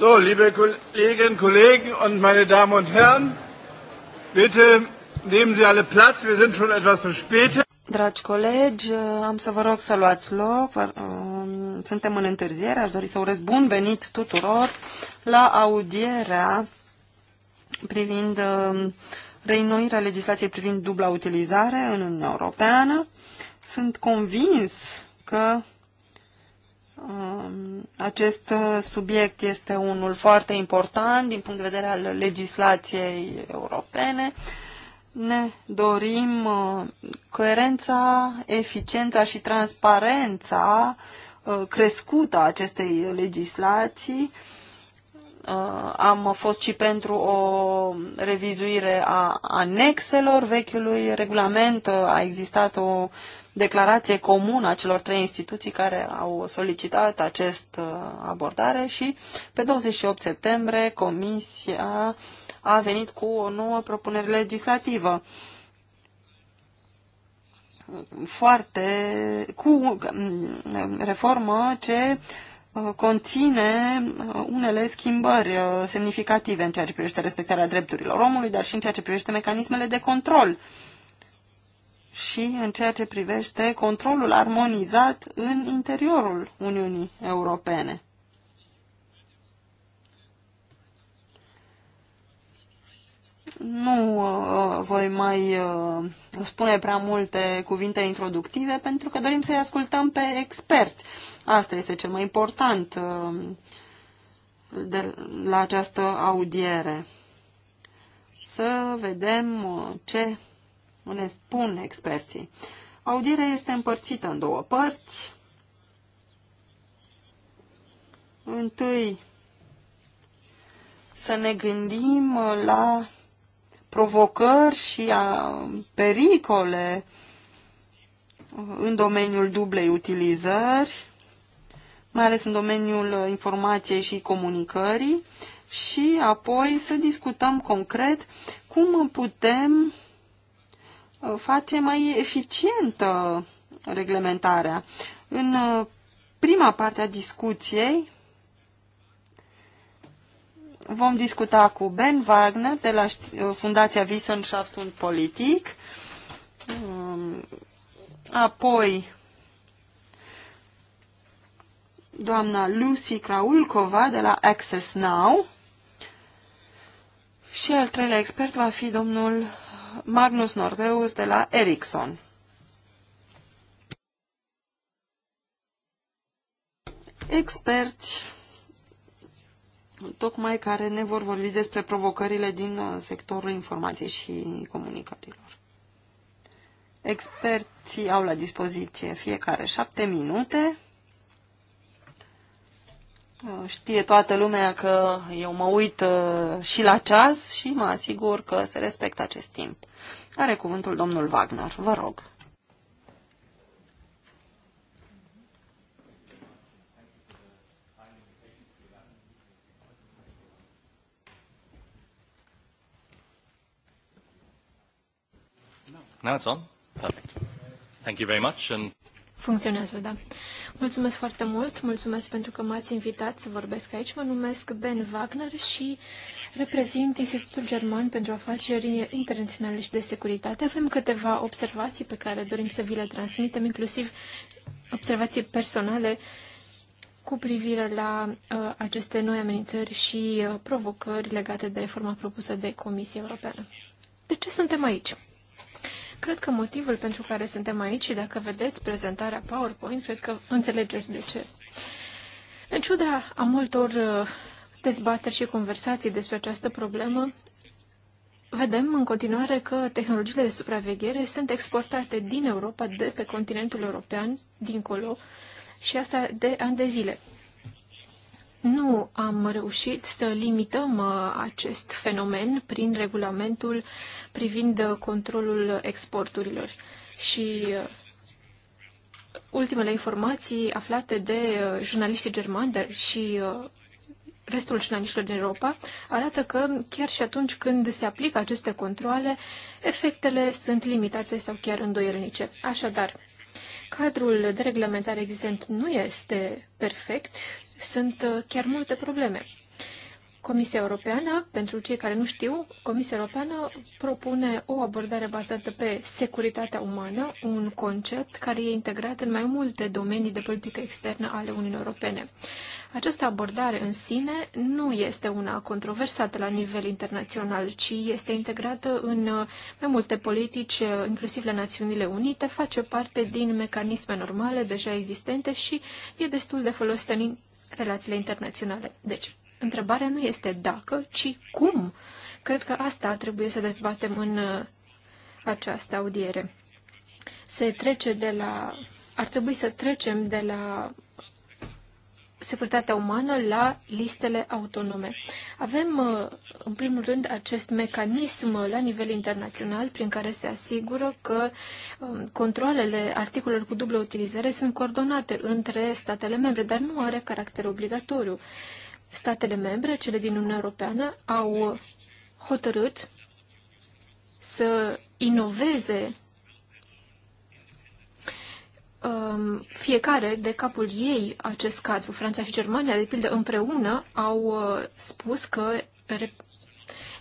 So, liebe Kolleginnen und Kollegen und meine Damen und Herren, bitte nehmen Sie alle Platz, wir sind schon etwas verspätet. Dragi colegi, am să vă rog să luați loc. Um, suntem în întârziere, aș dori să urez bun venit tuturor la audierea privind um, reînnoirea legislației privind dubla utilizare în Uniunea Europeană. Sunt convins că Um, acest uh, subiect este unul foarte important din punct de vedere al legislației europene. Ne dorim uh, coerența, eficiența și transparența uh, crescută a acestei legislații. Am fost și pentru o revizuire a anexelor vechiului regulament. A existat o declarație comună a celor trei instituții care au solicitat acest uh, abordare și pe 28 septembrie Comisia a venit cu o nouă propunere legislativă foarte cu mm, reformă ce uh, conține uh, unele schimbări semnificative în ceea ce privește respectarea drepturilor omului, dar și în ceea ce privește mecanismele de control și în ceea ce privește controlul armonizat în interiorul Uniunii Europene. Nu uh, voi mai uh, spune prea multe cuvinte introductive pentru că dorim să-i ascultăm pe experți. Asta este cel mai important uh, de la această audiere. Să vedem uh, ce ne spun experții. Audirea este împărțită în două părți. Întâi, să ne gândim la provocări și a pericole uh, în domeniul dublei utilizări, mai ales în domeniul informației și comunicării, și apoi să discutăm concret cum putem Uh, face mai eficientă reglementarea. În uh, prima parte a discuției vom discuta cu Ben Wagner de la uh, Fundația Wissenschaft und Politik, um, apoi doamna Lucy Kraulkova de la Access Now și al treilea expert va fi domnul Magnus Nordeus de la Ericsson. Experți tocmai care ne vor vorbi despre provocările din uh, sectorul informației și comunicărilor. Experții au la dispoziție fiecare șapte minute Uh, știe toată lumea că eu mă uit uh, și la ceas și mă asigur că se respectă acest timp. Are cuvântul domnul Wagner, vă rog. Now it's on? Perfect. Thank you very much and Funcționează, da. Mulțumesc foarte mult, mulțumesc pentru că m-ați invitat să vorbesc aici. Mă numesc Ben Wagner și reprezint Institutul German pentru Afaceri Internaționale și de Securitate. Avem câteva observații pe care dorim să vi le transmitem, inclusiv observații personale cu privire la uh, aceste noi amenințări și uh, provocări legate de reforma propusă de Comisia Europeană. De ce suntem aici? Cred că motivul pentru care suntem aici, și dacă vedeți prezentarea PowerPoint, cred că înțelegeți de ce. În ciuda a multor uh, dezbateri și conversații despre această problemă, vedem în continuare că tehnologiile de supraveghere sunt exportate din Europa de pe continentul european, dincolo, și asta de ani de zile nu am reușit să limităm uh, acest fenomen prin regulamentul privind controlul exporturilor. Și uh, ultimele informații aflate de uh, jurnaliștii germani, dar și restul jurnaliștilor din Europa, arată că chiar și atunci când se aplică aceste controle, efectele sunt limitate sau chiar îndoielnice. Așadar, cadrul de reglementare existent nu este perfect, sunt uh, chiar multe probleme. Comisia Europeană, pentru cei care nu știu, Comisia Europeană propune o abordare bazată pe securitatea umană, un concept care e integrat în mai multe domenii de politică externă ale Uniunii Europene. Această abordare în sine nu este una controversată la nivel internațional, ci este integrată în uh, mai multe politici, uh, inclusiv la Națiunile Unite, face parte din mecanisme normale deja existente și e destul de folosită în relațiile internaționale. Deci, întrebarea nu este dacă, ci cum. Cred că asta trebuie să dezbatem în uh, această audiere. Se trece de la, ar trebui să trecem de la securitatea umană la listele autonome. Avem, uh, în primul rând, acest mecanism la nivel internațional prin care se asigură că um, controlele articolelor cu dublă utilizare sunt coordonate între statele membre, dar nu are caracter obligatoriu. Statele membre, cele din Uniunea Europeană, au hotărât să inoveze um, fiecare de capul ei acest cadru. Franța și Germania, de pildă, împreună au uh, spus că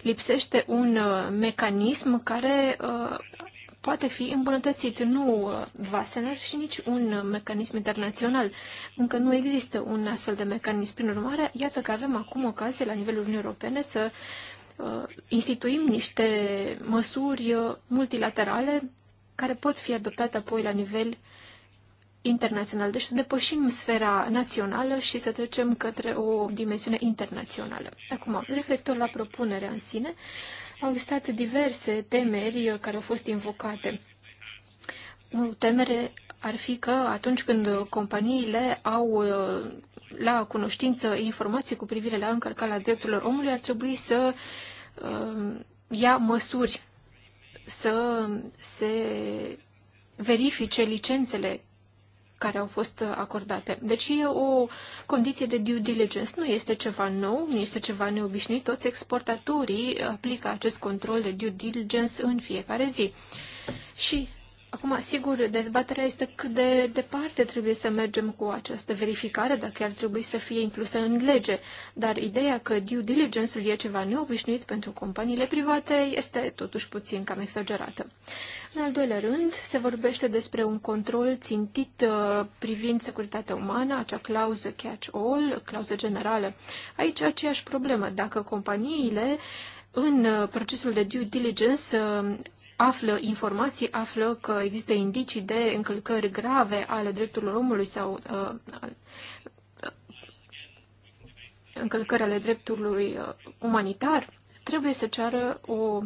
lipsește un uh, mecanism care uh, poate fi îmbunătățit. Nu uh, Wassener și nici un mecanism internațional. Încă nu există un astfel de mecanism. Prin urmare, iată că avem acum ocazie la nivelul Uniunii Europene să uh, instituim niște măsuri uh, multilaterale care pot fi adoptate apoi la nivel internațional, deci să depășim sfera națională și să trecem către o dimensiune internațională. Acum, referitor la propunerea în sine, au existat diverse temeri care au fost invocate. O temere ar fi că atunci când companiile au uh, la cunoștință informații cu privire la încălcarea drepturilor omului, ar trebui să uh, ia măsuri, să se verifice licențele care au fost acordate. Deci e o condiție de due diligence, nu este ceva nou, nu este ceva neobișnuit. Toți exportatorii aplică acest control de due diligence în fiecare zi. Și Acum, sigur, dezbaterea este cât de departe trebuie să mergem cu această verificare, dacă ar trebui să fie inclusă în lege. Dar ideea că due diligence-ul e ceva neobișnuit pentru companiile private este totuși puțin cam exagerată. În al doilea rând, se vorbește despre un control țintit uh, privind securitatea umană, acea clauză catch-all, clauză generală. Aici aceeași problemă. Dacă companiile uh, în uh, procesul de due diligence uh, află informații, află că există indicii de încălcări grave ale drepturilor omului sau uh, încălcări ale drepturilor umanitar, trebuie să ceară o,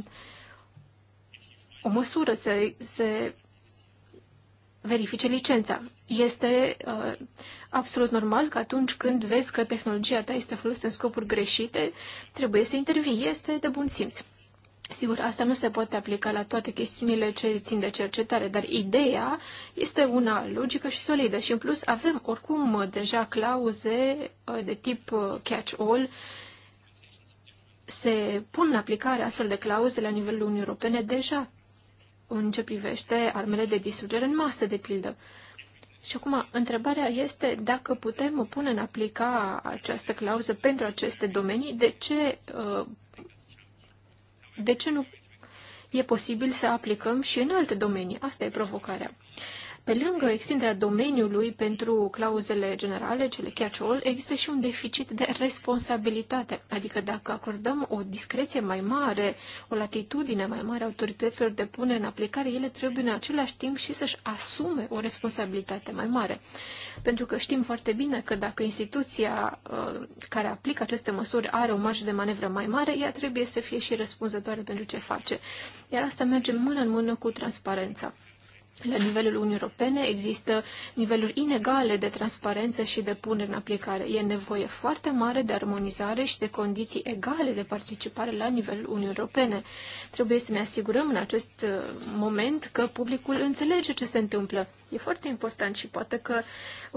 o măsură, să, să verifice licența. Este uh, absolut normal că atunci când vezi că tehnologia ta este folosită în scopuri greșite, trebuie să intervii. Este de bun simț. Sigur, asta nu se poate aplica la toate chestiunile ce țin de cercetare, dar ideea este una logică și solidă și în plus avem oricum deja clauze uh, de tip uh, catch-all. Se pun în aplicare astfel de clauze la nivelul Uniunii Europene deja în ce privește armele de distrugere în masă, de pildă. Și acum, întrebarea este dacă putem pune în aplica această clauză pentru aceste domenii, de ce, uh, de ce nu e posibil să aplicăm și în alte domenii? Asta e provocarea. Pe lângă extinderea domeniului pentru clauzele generale, cele catch-all, există și un deficit de responsabilitate. Adică dacă acordăm o discreție mai mare, o latitudine mai mare autorităților de pune în aplicare, ele trebuie în același timp și să-și asume o responsabilitate mai mare. Pentru că știm foarte bine că dacă instituția uh, care aplică aceste măsuri are o marjă de manevră mai mare, ea trebuie să fie și răspunzătoare pentru ce face. Iar asta merge mână în mână cu transparența. La nivelul Uniunii Europene există niveluri inegale de transparență și de punere în aplicare. E nevoie foarte mare de armonizare și de condiții egale de participare la nivelul Uniunii Europene. Trebuie să ne asigurăm în acest uh, moment că publicul înțelege ce se întâmplă. E foarte important și poate că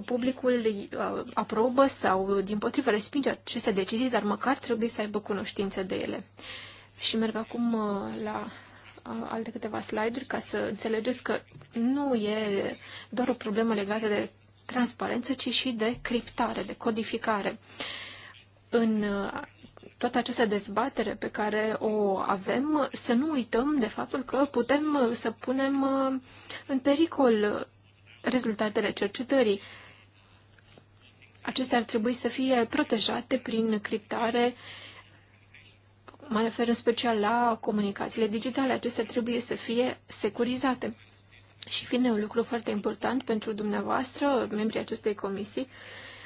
publicul uh, aprobă sau, din potrivă, respinge aceste decizii, dar măcar trebuie să aibă cunoștință de ele. Și merg acum uh, la alte câteva slide-uri ca să înțelegeți că nu e doar o problemă legată de transparență, ci și de criptare, de codificare. În toată această dezbatere pe care o avem, să nu uităm de faptul că putem să punem în pericol rezultatele cercetării. Acestea ar trebui să fie protejate prin criptare uh, Mă refer în special la comunicațiile digitale. Acestea trebuie să fie securizate. Și fiind un lucru foarte important pentru dumneavoastră, membrii acestei comisii,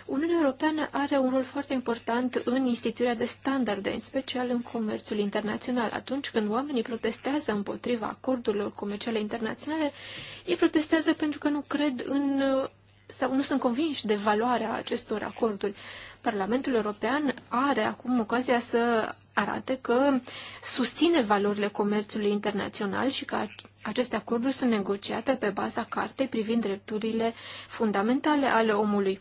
Uniunea Europeană are un rol foarte important în instituirea de standarde, în special în comerțul internațional. Atunci când oamenii protestează împotriva acordurilor comerciale internaționale, ei protestează pentru că nu cred în sau nu sunt convinși de valoarea acestor acorduri. Parlamentul European are acum ocazia să arată că susține valorile comerțului internațional și că aceste acorduri sunt negociate pe baza cartei privind drepturile fundamentale ale omului.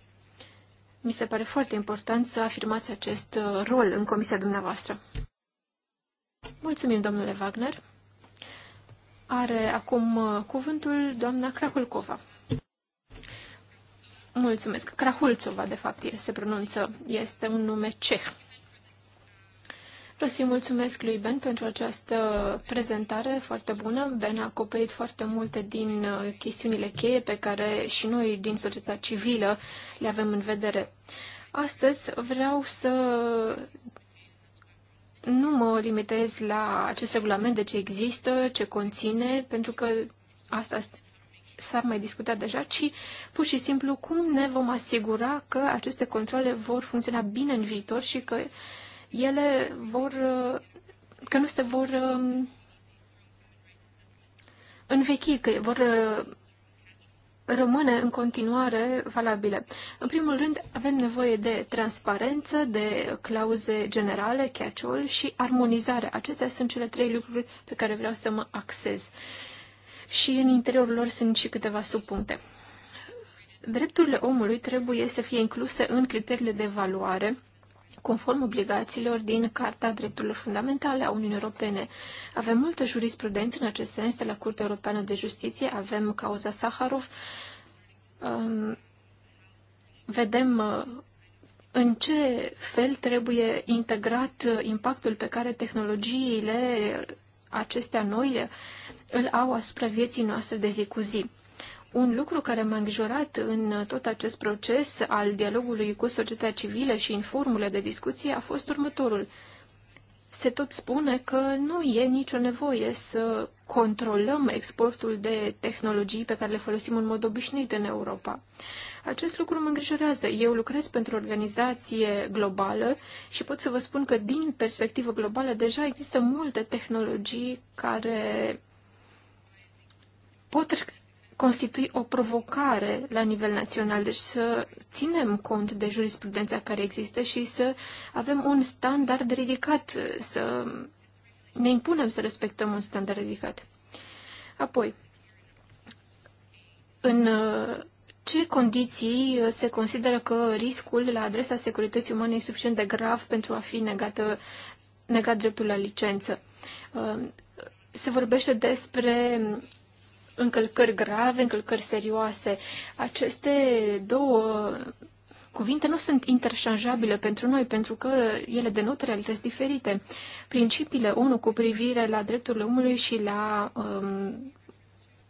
Mi se pare foarte important să afirmați acest uh, rol în comisia dumneavoastră. Mulțumim, domnule Wagner. Are acum uh, cuvântul doamna Crahulcova. Mulțumesc. Krahulcova, de fapt, se pronunță. Este un nume ceh. Vreau să-i mulțumesc lui Ben pentru această prezentare foarte bună. Ben a acoperit foarte multe din uh, chestiunile cheie pe care și noi din societatea civilă le avem în vedere. Astăzi vreau să nu mă limitez la acest regulament de ce există, ce conține, pentru că asta s ar mai discuta deja, ci pur și simplu cum ne vom asigura că aceste controle vor funcționa bine în viitor și că uh, ele vor, că nu se vor um, învechi, că vor uh, rămâne în continuare valabile. În primul rând, avem nevoie de transparență, de clauze generale, catch-all și armonizare. Acestea sunt cele trei lucruri pe care vreau să mă axez. Și în interiorul lor sunt și câteva subpuncte. Drepturile omului trebuie să fie incluse în criteriile de evaluare conform obligațiilor din Carta Drepturilor Fundamentale a Uniunii Europene. Avem multă jurisprudență în acest sens de la Curtea Europeană de Justiție, avem cauza Saharov, um, vedem uh, în ce fel trebuie integrat uh, impactul pe care tehnologiile acestea noi uh, îl au asupra vieții noastre de zi cu zi. Un lucru care m-a îngrijorat în tot acest proces al dialogului cu societatea civilă și în formule de discuție a fost următorul. Se tot spune că nu e nicio nevoie să controlăm exportul de tehnologii pe care le folosim în mod obișnuit în Europa. Acest lucru mă îngrijorează. Eu lucrez pentru o organizație globală și pot să vă spun că din perspectivă globală deja există multe tehnologii care pot constitui o provocare la nivel național, deci să ținem cont de jurisprudența care există și să avem un standard ridicat, să ne impunem să respectăm un standard ridicat. Apoi, în uh, ce condiții uh, se consideră că riscul la adresa securității umane e suficient de grav pentru a fi negată, negat dreptul la licență? Uh, se vorbește despre încălcări grave, încălcări serioase. Aceste două cuvinte nu sunt interșanjabile pentru noi, pentru că ele denotă realități diferite. Principiile ONU cu privire la drepturile omului și la um,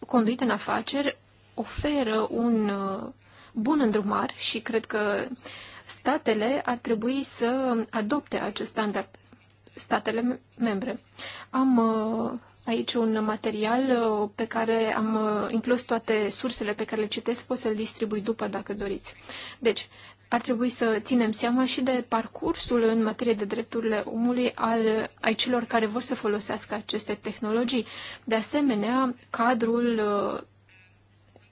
conduită în afaceri oferă un uh, bun îndrumar și cred că statele ar trebui să adopte acest standard, statele membre. Am uh, aici un material uh, pe care am uh, inclus toate sursele pe care le citesc, pot să-l distribui după dacă doriți. Deci, ar trebui să ținem seama și de parcursul în materie de drepturile omului al, ai celor care vor să folosească aceste tehnologii. De asemenea, cadrul uh,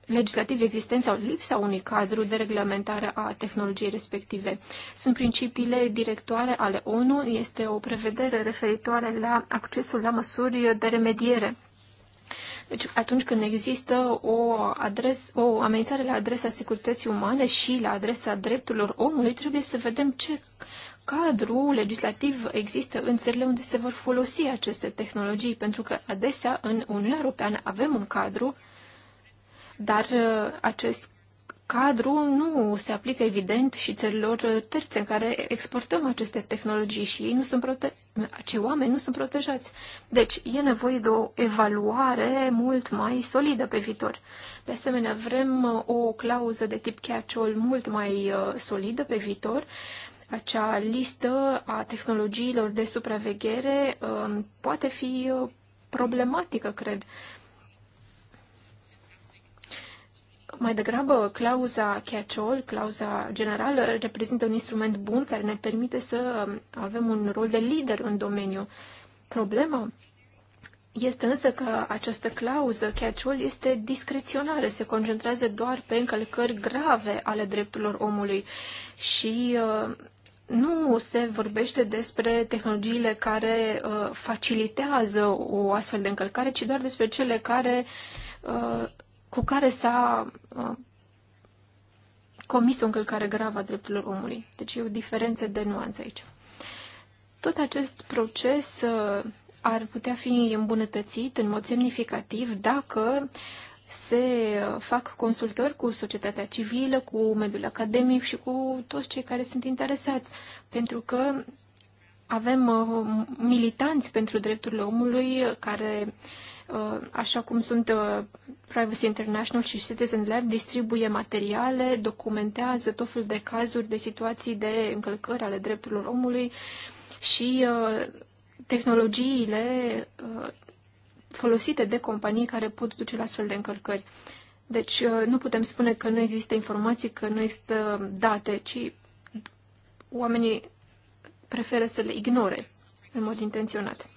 legislativ existent sau lipsa unui cadru de reglementare a tehnologiei respective. Sunt principiile directoare ale ONU, este o prevedere referitoare la accesul la măsuri de remediere. Deci atunci când există o, adres, o amenințare la adresa securității umane și la adresa drepturilor omului, trebuie să vedem ce cadru legislativ există în țările unde se vor folosi aceste tehnologii, pentru că adesea în Uniunea Europeană avem un cadru dar uh, acest cadru nu se aplică evident și țărilor uh, terțe în care exportăm aceste tehnologii și ei nu sunt prote- acei oameni nu sunt protejați. Deci e nevoie de o evaluare mult mai solidă pe viitor. De asemenea, vrem uh, o clauză de tip catch-all mult mai solidă pe viitor, acea listă a tehnologiilor de supraveghere poate fi problematică, cred. Mai degrabă, clauza catch-all, clauza generală, reprezintă un instrument bun care ne permite să avem un rol de lider în domeniu. Problema este însă că această clauză catch-all este discreționară, se concentrează doar pe încălcări grave ale drepturilor omului și uh, nu se vorbește despre tehnologiile care uh, facilitează o astfel de încălcare, ci doar despre cele care uh, cu care s-a uh, comis o încălcare gravă a drepturilor omului. Deci e o diferență de nuanță aici. Tot acest proces uh, ar putea fi îmbunătățit în mod semnificativ dacă se uh, fac consultări cu societatea civilă, cu mediul academic și cu toți cei care sunt interesați. Pentru că avem militanți pentru drepturile omului care uh, Uh, așa cum sunt uh, Privacy International și Citizen Lab, distribuie materiale, documentează tot felul de cazuri, de situații de încălcări ale drepturilor omului și uh, tehnologiile folosite de companii care pot duce la astfel de încălcări. Deci nu putem spune că nu există informații, că nu există date, ci oamenii preferă să le ignore în mod intenționat.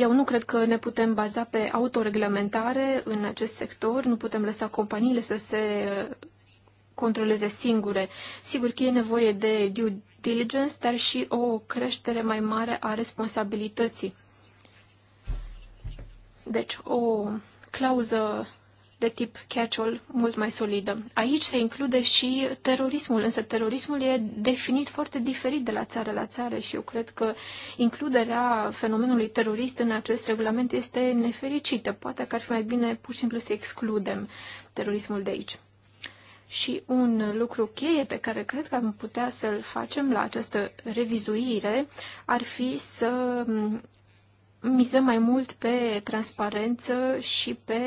Eu nu cred că ne putem baza pe autoreglementare în acest sector, nu putem lăsa companiile să se controleze singure. Sigur că e nevoie de due diligence, dar și o creștere mai mare a responsabilității. Deci, o clauză de tip catch-all mult mai solidă. Aici se include și terorismul, însă terorismul e definit foarte diferit de la țară la țară și eu cred că includerea fenomenului terorist în acest regulament este nefericită. Poate că ar fi mai bine pur și simplu să excludem terorismul de aici. Și un lucru cheie pe care cred că am putea să-l facem la această revizuire ar fi să mizăm mai mult pe transparență și pe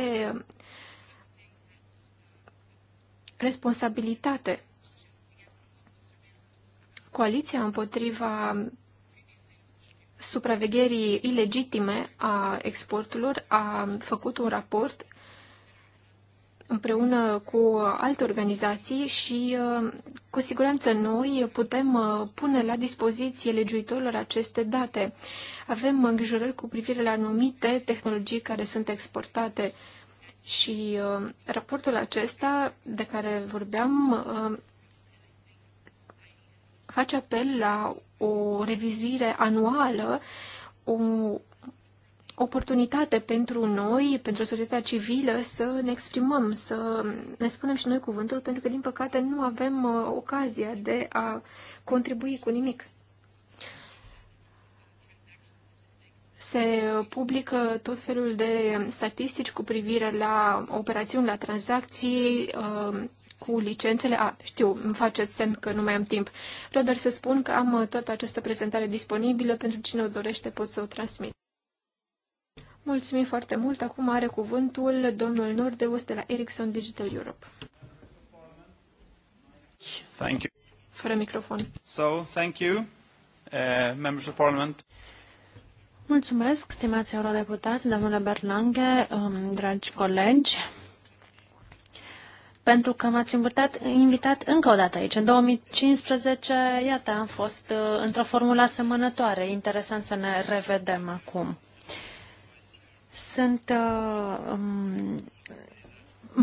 responsabilitate. Coaliția împotriva supravegherii ilegitime a exporturilor a făcut un raport împreună cu alte organizații și uh, cu siguranță noi putem uh, pune la dispoziție legiuitorilor aceste date. Avem îngrijorări cu privire la anumite tehnologii care sunt exportate și uh, raportul acesta de care vorbeam uh, face apel la o revizuire anuală, o oportunitate pentru noi, pentru societatea civilă, să ne exprimăm, să ne spunem și noi cuvântul, pentru că, din păcate, nu avem uh, ocazia de a contribui cu nimic. se publică tot felul de statistici cu privire la operațiuni, la tranzacții uh, cu licențele. A, știu, îmi faceți semn că nu mai am timp. Vreau doar să spun că am uh, toată această prezentare disponibilă. Pentru cine o dorește pot să o transmit. Mulțumim foarte mult. Acum are cuvântul domnul Nordeus de la Ericsson Digital Europe. Thank you. Fără microfon. So, thank you, uh, members of parliament. Mulțumesc, stimați eurodeputați, domnule Berlange, um, dragi colegi, pentru că m-ați invitat, invitat încă o dată aici. În 2015, iată, am fost uh, într-o formulă asemănătoare. Interesant să ne revedem acum. Sunt uh, um,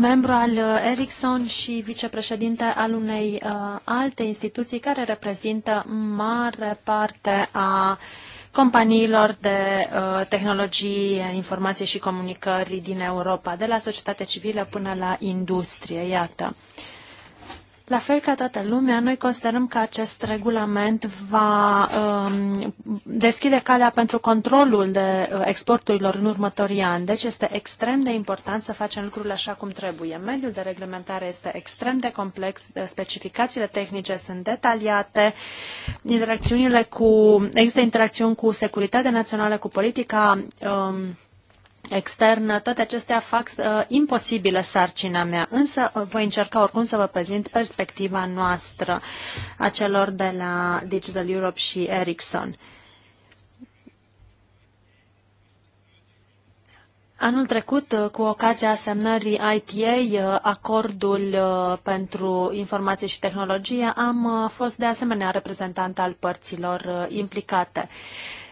membru al uh, Ericsson și vicepreședinte al unei uh, alte instituții care reprezintă mare parte a uh, companiilor de uh, tehnologii, informație și comunicări din Europa, de la societate civilă până la industrie, iată. Uh, la fel ca toată lumea, noi considerăm că acest regulament va um, deschide calea pentru controlul de uh, exporturilor în următorii ani. Deci este extrem de important să facem lucrurile așa cum trebuie. Mediul de reglementare este extrem de complex, uh, specificațiile tehnice sunt detaliate, interacțiunile cu, există interacțiuni cu securitatea națională, cu politica um, externă, toate acestea fac uh, imposibilă sarcina mea, însă uh, voi încerca oricum să vă prezint perspectiva noastră a celor de la Digital Europe și Ericsson. Anul trecut, uh, cu ocazia semnării ITA, uh, acordul pentru informații și tehnologie, am fost de asemenea reprezentant al părților implicate.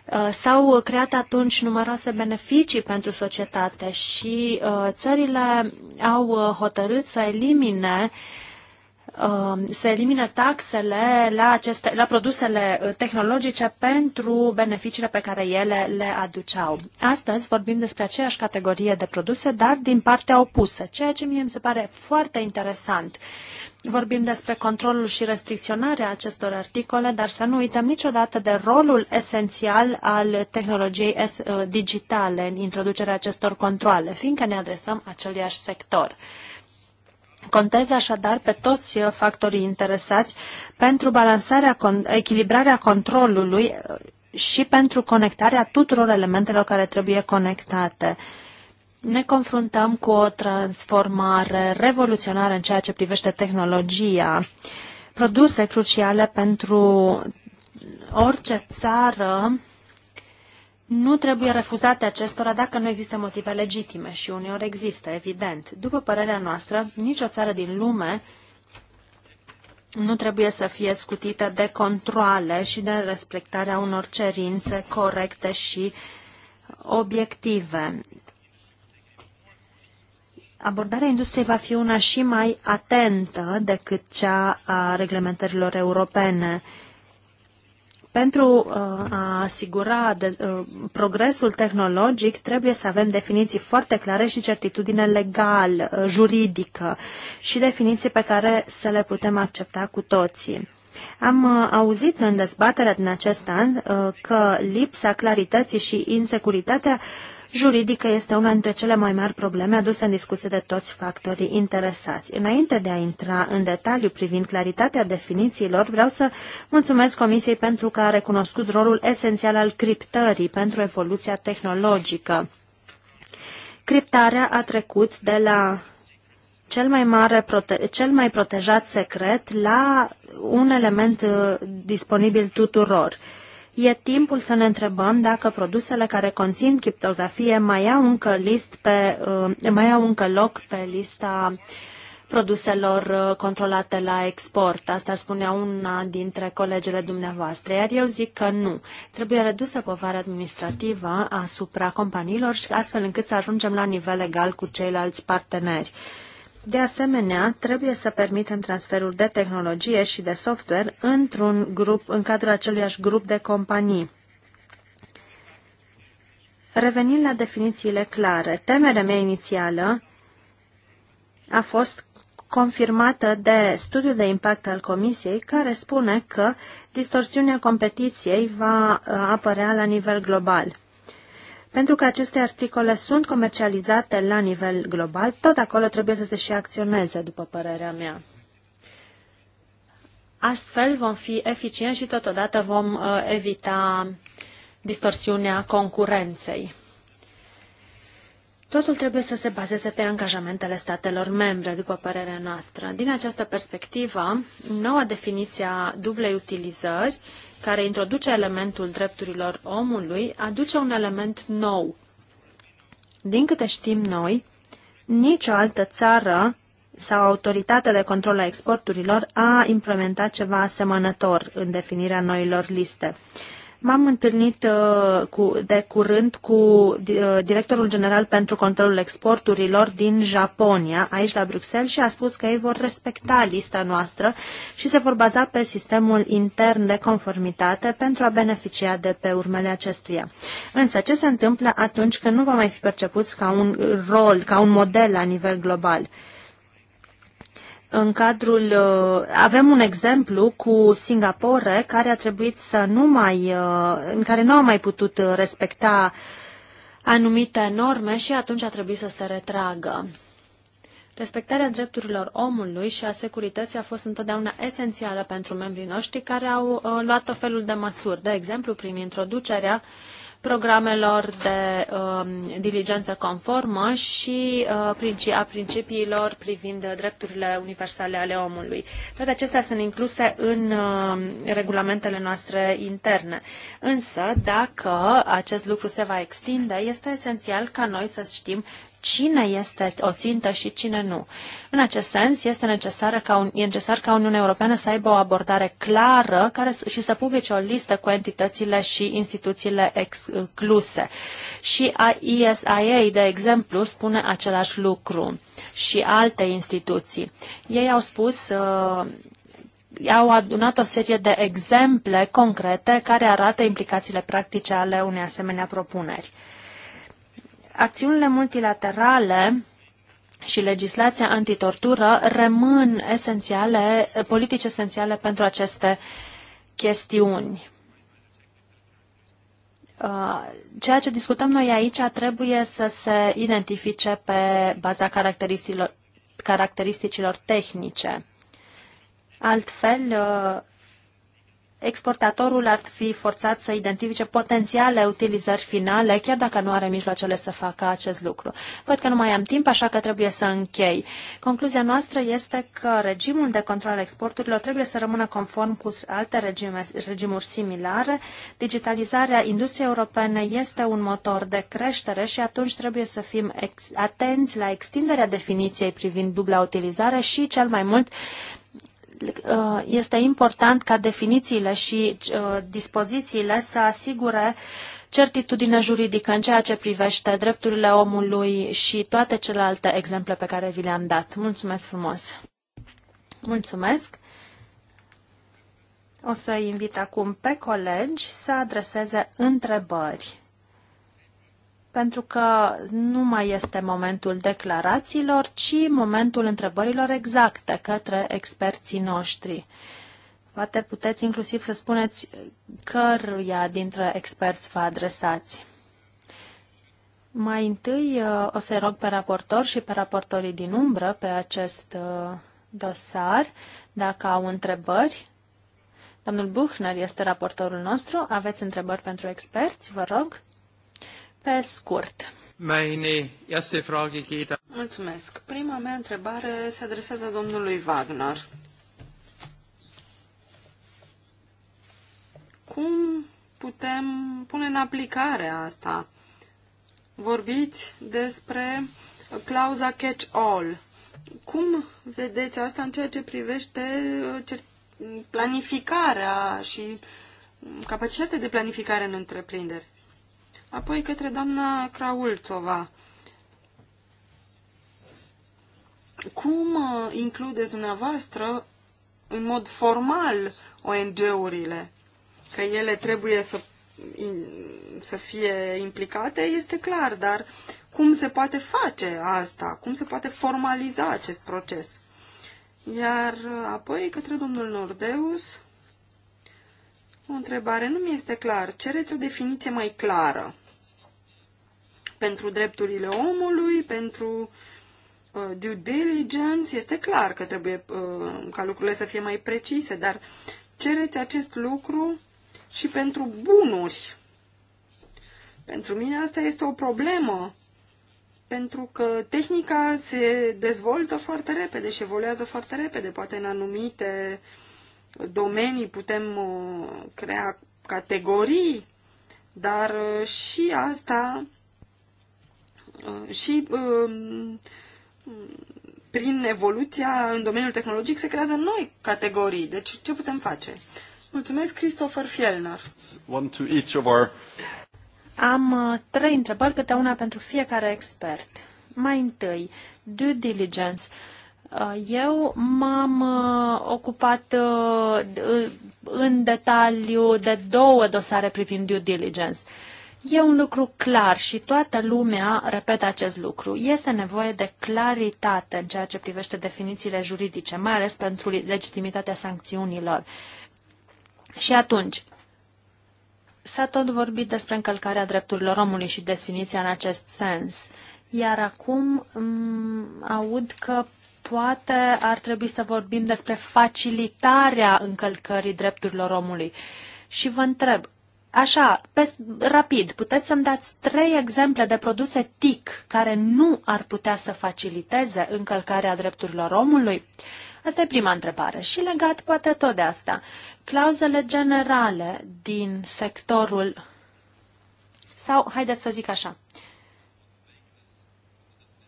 Uh, s-au creat atunci numeroase beneficii pentru societate și uh, țările au uh, hotărât să elimine să elimine taxele la, aceste, la produsele tehnologice pentru beneficiile pe care ele le aduceau. Astăzi vorbim despre aceeași categorie de produse, dar din partea opusă, ceea ce mie mi se pare foarte interesant. Vorbim despre controlul și restricționarea acestor articole, dar să nu uităm niciodată de rolul esențial al tehnologiei uh, digitale în introducerea acestor controle, fiindcă ne adresăm aceluiași sector. Contez așadar pe toți uh, factorii interesați pentru balansarea, echilibrarea controlului uh, și pentru conectarea tuturor elementelor care trebuie conectate ne confruntăm cu o transformare revoluționară în ceea ce privește tehnologia, produse cruciale pentru orice țară nu trebuie refuzate acestora dacă nu există motive legitime și uneori există, evident. După părerea noastră, nicio țară din lume nu trebuie să fie scutită de controle și de respectarea unor cerințe corecte și obiective abordarea industriei va fi una și mai atentă decât cea a reglementărilor europene. Pentru uh, a asigura de, uh, progresul tehnologic, trebuie să avem definiții foarte clare și certitudine legal, uh, juridică și definiții pe care să le putem accepta cu toții. Am auzit în dezbaterea din acest an că lipsa clarității și insecuritatea uh, juridică este una dintre cele mai mari probleme aduse în discuție de toți factorii interesați. Înainte de a intra în detaliu privind claritatea definițiilor, vreau să mulțumesc Comisiei pentru că a recunoscut rolul esențial al criptării pentru evoluția tehnologică. Criptarea a trecut de la cel mai, mare prote- cel mai protejat secret la un element uh, disponibil tuturor. Uh, E timpul să ne întrebăm dacă produsele care conțin criptografie mai au încă, list pe, uh, mai au încă loc pe lista produselor uh, controlate la export. Asta spunea una dintre colegele dumneavoastră, iar eu zic că nu. Trebuie redusă povara administrativă asupra companiilor și astfel încât să ajungem la nivel egal cu ceilalți parteneri. Uh, de asemenea, trebuie să permitem transferul de tehnologie și de software într-un grup, în cadrul aceluiași grup de companii. Revenind la definițiile clare, temerea mea inițială a fost confirmată de studiul de impact al Comisiei, care spune că distorsiunea competiției va uh, apărea la nivel global. Pentru că aceste articole sunt comercializate la nivel global, tot acolo trebuie să se și acționeze, după părerea mea. Astfel vom fi eficienți și totodată vom uh, evita distorsiunea concurenței. Totul trebuie să se bazeze pe angajamentele statelor membre, după părerea noastră. Din această perspectivă, noua definiție a dublei utilizări care introduce elementul drepturilor omului, aduce un element nou. Din câte știm noi, nicio altă țară sau autoritate de control a exporturilor a implementat ceva asemănător în definirea noilor liste. M-am întâlnit uh, cu, de curând cu uh, directorul general pentru controlul exporturilor din Japonia, aici la Bruxelles, și a spus că ei vor respecta lista noastră și se vor baza pe sistemul intern de conformitate pentru a beneficia de pe urmele acestuia. Însă, ce se întâmplă atunci când nu va mai fi percepuți ca un rol, ca un model la nivel global? în cadrul. Uh, avem un exemplu cu Singapore care a trebuit să nu mai. Uh, în care nu a mai putut uh, respecta anumite norme și atunci a trebuit să se retragă. Respectarea drepturilor omului și a securității a fost întotdeauna esențială pentru membrii noștri care au luat o felul de măsuri, de exemplu prin introducerea uh, programelor de uh, diligență conformă și uh, a principiilor privind drepturile universale ale omului. Toate acestea sunt incluse în uh, regulamentele noastre interne. Însă, dacă acest lucru se va extinde, este esențial ca noi să știm cine este o țintă și cine nu. În acest sens, este necesar ca, un, e necesar ca Uniunea Europeană să aibă o abordare clară care, și să publice o listă cu entitățile și instituțiile excluse. Și ISIA, de exemplu, spune același lucru și alte instituții. Ei au spus uh, au adunat o serie de exemple concrete care arată implicațiile practice ale unei asemenea propuneri acțiunile multilaterale și legislația antitortură rămân esențiale, politici esențiale pentru aceste chestiuni. Uh, ceea ce discutăm noi aici trebuie să se identifice pe baza caracteristicilor, caracteristicilor tehnice. Altfel, uh, exportatorul ar fi forțat să identifice potențiale utilizări finale, chiar dacă nu are mijloacele să facă acest lucru. Văd că nu mai am timp, așa că trebuie să închei. Concluzia noastră este că regimul de control al exporturilor trebuie să rămână conform cu alte regime, regimuri similare. Digitalizarea industriei europene este un motor de creștere și atunci trebuie să fim atenți la extinderea definiției privind dubla utilizare și, cel mai mult, Uh, este important ca definițiile și uh, dispozițiile să asigure certitudine juridică în ceea ce privește drepturile omului și toate celelalte exemple pe care vi le-am dat. Mulțumesc frumos! Mulțumesc! O să invit acum pe colegi să adreseze întrebări pentru că nu mai este momentul declarațiilor, ci momentul întrebărilor exacte către experții noștri. Poate puteți inclusiv să spuneți căruia dintre experți vă adresați. Mai întâi uh, o să-i rog pe raportor și pe raportorii din umbră pe acest uh, dosar, dacă au întrebări. Domnul Buchner este raportorul nostru. Aveți întrebări pentru experți? Vă rog pe scurt. Mulțumesc. Prima mea întrebare se adresează domnului Wagner. Cum putem pune în aplicare asta? Vorbiți despre clauza catch-all. Cum vedeți asta în ceea ce privește uh, planificarea și capacitatea de planificare în întreprinderi? apoi către doamna Craulțova. Cum uh, includeți dumneavoastră în mod formal ONG-urile? Că ele trebuie să, să fie implicate este clar, dar cum se poate face asta? Cum se poate formaliza acest proces? Iar uh, apoi către domnul Nordeus, o întrebare nu mi este clar. Cereți o definiție mai clară pentru drepturile omului, pentru uh, due diligence. Este clar că trebuie uh, ca lucrurile să fie mai precise, dar cereți acest lucru și pentru bunuri. Pentru mine asta este o problemă, pentru că tehnica se dezvoltă foarte repede și evoluează foarte repede. Poate în anumite domenii putem uh, crea categorii, dar uh, și asta Uh, și um, prin evoluția în domeniul tehnologic se creează noi categorii. Deci ce putem face? Mulțumesc, Christopher Fielner. One to each of our... Am uh, trei întrebări, câte una pentru fiecare expert. Mai întâi, due diligence. Uh, eu m-am ocupat în detaliu de două dosare privind due diligence. E un lucru clar și toată lumea repetă acest lucru. Este nevoie de claritate în ceea ce privește definițiile juridice, mai ales pentru legitimitatea sancțiunilor. Și atunci, s-a tot vorbit despre încălcarea drepturilor omului și definiția în acest sens. Iar acum aud că poate ar trebui să vorbim despre facilitarea încălcării drepturilor omului. Și vă întreb, Așa, pe, rapid, puteți să-mi dați trei exemple de produse TIC care nu ar putea să faciliteze încălcarea drepturilor omului? Asta e prima întrebare. Și legat poate tot de asta, clauzele generale din sectorul, sau haideți să zic așa,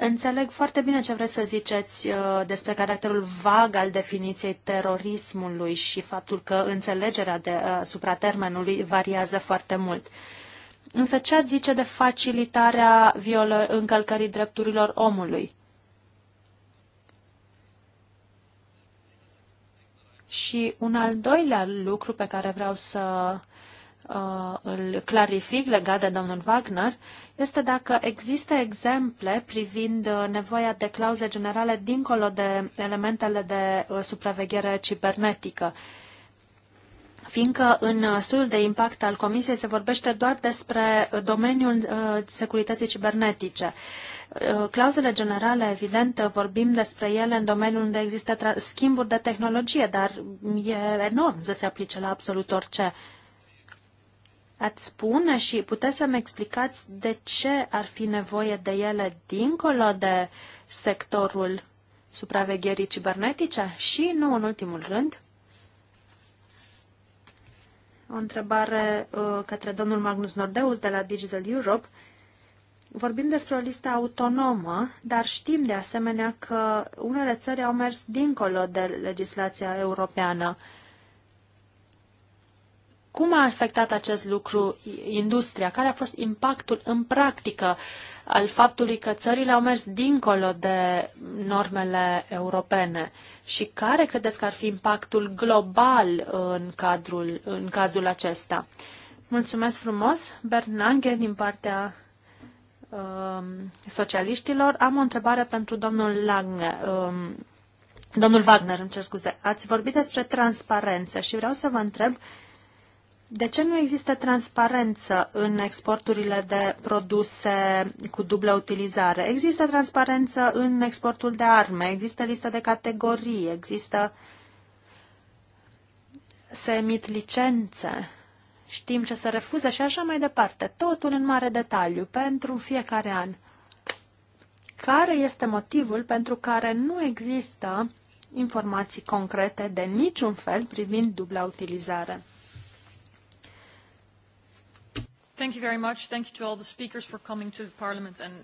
Înțeleg foarte bine ce vreți să ziceți uh, despre caracterul vag al definiției terorismului și faptul că înțelegerea de, asupra uh, termenului variază foarte mult. Însă ce ați zice de facilitarea violă, încălcării drepturilor omului? Și un al doilea lucru pe care vreau să uh, îl clarific legat de domnul Wagner este dacă există exemple privind uh, nevoia de clauze generale dincolo de elementele de uh, supraveghere cibernetică. Fiindcă în uh, studiul de impact al Comisiei se vorbește doar despre domeniul securității cibernetice. Clauzele generale, evident, vorbim despre ele în domeniul unde există schimburi de tehnologie, dar e enorm să se aplice la absolut orice ați spune și puteți să-mi explicați de ce ar fi nevoie de ele dincolo de sectorul supravegherii cibernetice? Și, nu în ultimul rând, o întrebare uh, către domnul Magnus Nordeus de la Digital Europe. Vorbim despre o listă autonomă, dar știm de asemenea că unele țări au mers dincolo de legislația europeană. Uh, cum a afectat acest lucru industria? Care a fost impactul în practică al faptului că țările au mers dincolo de normele europene? Și care credeți că ar fi impactul global în, cadrul, în cazul acesta? Mulțumesc frumos, Bernanke, din partea um, socialiștilor. Am o întrebare pentru domnul Lange. Um, Domnul Wagner, îmi cer scuze, ați vorbit despre transparență și vreau să vă întreb de ce nu există transparență în exporturile de produse cu dublă utilizare? Există transparență în exportul de arme, există listă de categorii, există se emit licențe, știm ce se refuză și așa mai departe. Totul în mare detaliu, pentru fiecare an. Care este motivul pentru care nu există informații concrete de niciun fel privind dubla utilizare? Thank you very much. Thank you to all the speakers for coming to the Parliament and...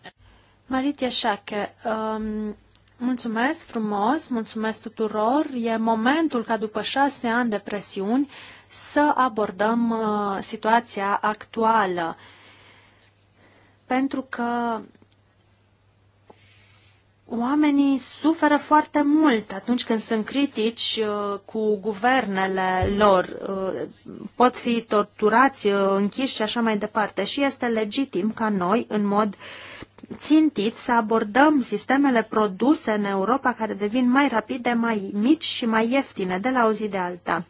um, mulțumesc frumos, mulțumesc tuturor. E momentul ca după șase ani de presiuni să abordăm uh, situația actuală. Pentru că Oamenii suferă foarte mult atunci când sunt critici uh, cu guvernele lor, uh, pot fi torturați, uh, închiși și așa mai departe. Și este legitim ca noi, în mod țintit, să abordăm sistemele produse în Europa care devin mai rapide, mai mici și mai ieftine de la o zi de alta.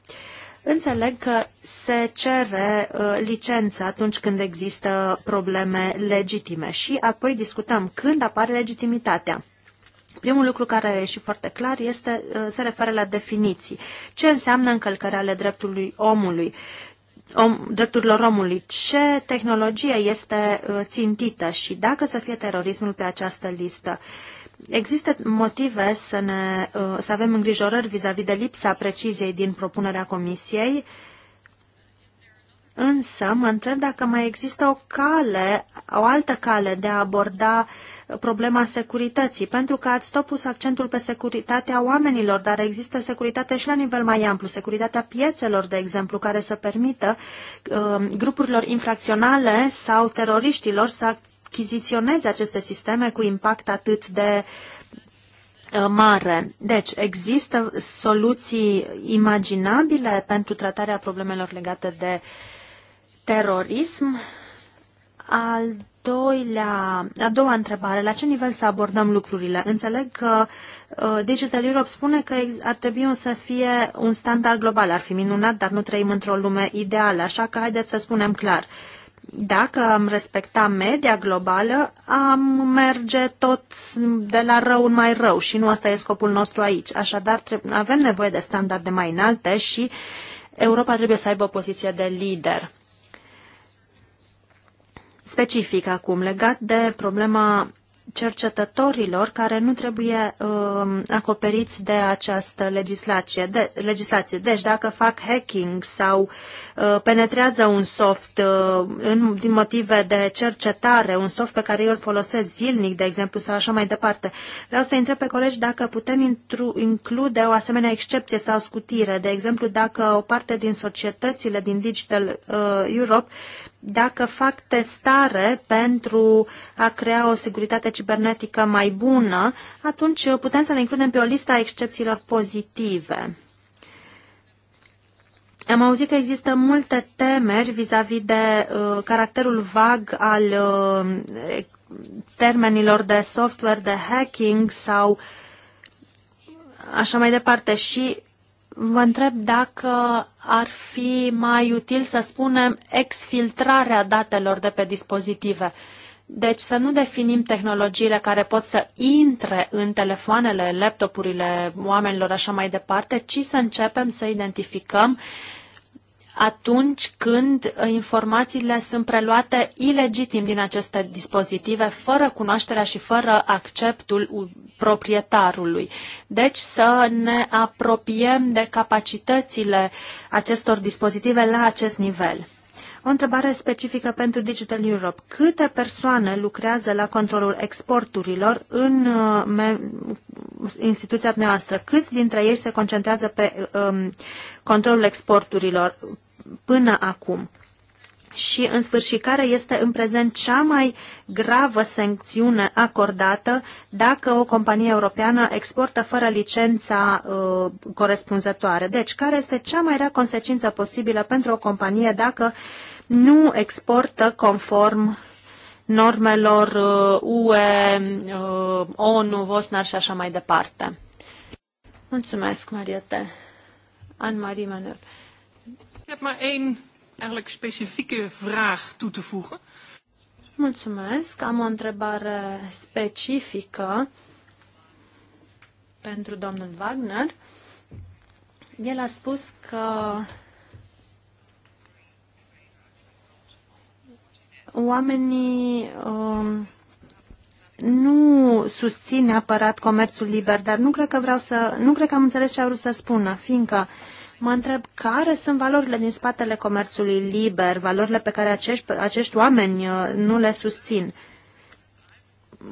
Înțeleg că se cere uh, licență atunci când există probleme legitime și apoi discutăm când apare legitimitatea. Primul lucru care e și foarte clar este, uh, se referă la definiții. Ce înseamnă încălcarea ale dreptului omului? om, drepturilor omului, ce tehnologie este uh, țintită și dacă să fie terorismul pe această listă. Există motive să, ne, uh, să avem îngrijorări vis-a-vis -vis de lipsa preciziei din propunerea Comisiei Însă mă întreb dacă mai există o cale, o altă cale de a aborda problema securității, pentru că ați tot pus accentul pe securitatea oamenilor, dar există securitate și la nivel mai amplu, securitatea piețelor, de exemplu, care să permită uh, grupurilor infracționale sau teroriștilor să achiziționeze aceste sisteme cu impact atât de uh, mare. Deci, există soluții imaginabile pentru tratarea problemelor legate de uh, terorism. Al doilea, a doua întrebare, la ce nivel să abordăm lucrurile? Înțeleg că uh, Digital Europe spune că ar trebui să fie un standard global, ar fi minunat, dar nu trăim într-o lume ideală, așa că haideți să spunem clar. Dacă am respecta media globală, am merge tot de la rău în mai rău și nu asta e scopul nostru aici. Așadar, avem nevoie de standarde mai înalte și Europa trebuie să aibă o poziție de lider specific acum legat de problema cercetătorilor care nu trebuie uh, acoperiți de această legislație. De, legislație. Deci dacă fac hacking sau uh, penetrează un soft uh, în, din motive de cercetare, un soft pe care eu îl folosesc zilnic, de exemplu, sau așa mai departe, vreau să întreb pe colegi dacă putem intru, include o asemenea excepție sau scutire. De exemplu, dacă o parte din societățile din Digital uh, Europe dacă fac testare pentru a crea o securitate cibernetică mai bună, atunci putem să le includem pe o listă a excepțiilor pozitive. Am auzit că există multe temeri vis-a-vis -vis de uh, caracterul vag al uh, termenilor de software de hacking sau așa mai departe și Vă întreb dacă ar fi mai util să spunem exfiltrarea datelor de pe dispozitive. Deci să nu definim tehnologiile care pot să intre în telefoanele, laptopurile oamenilor așa mai departe, ci să începem să identificăm uh, atunci când informațiile sunt preluate ilegitim din aceste dispozitive, fără cunoașterea și fără acceptul proprietarului. Deci să ne apropiem de capacitățile acestor dispozitive la acest nivel. O întrebare specifică pentru Digital Europe. Câte persoane lucrează la controlul exporturilor în uh, instituția noastră? Câți dintre ei se concentrează pe um, controlul exporturilor? până acum. Și, în sfârșit, care este în prezent cea mai gravă sancțiune acordată dacă o companie europeană exportă fără licența uh, corespunzătoare? Deci, care este cea mai rea consecință posibilă pentru o companie dacă nu exportă conform normelor uh, UE, uh, ONU, VOSNAR și așa mai departe? Mulțumesc, Mariette. Anne-Marie Manuel heb maar één eigenlijk specifieke vraag toe te voegen. Mulțumesc. Am o întrebare specifică pentru domnul Wagner. El a spus că oamenii um, nu susțin neapărat comerțul liber, dar nu cred că vreau să, nu cred că am înțeles ce a vrut să spună, fiindcă uh, Mă întreb care sunt valorile din spatele comerțului liber, valorile pe care acești, acești oameni uh, nu le susțin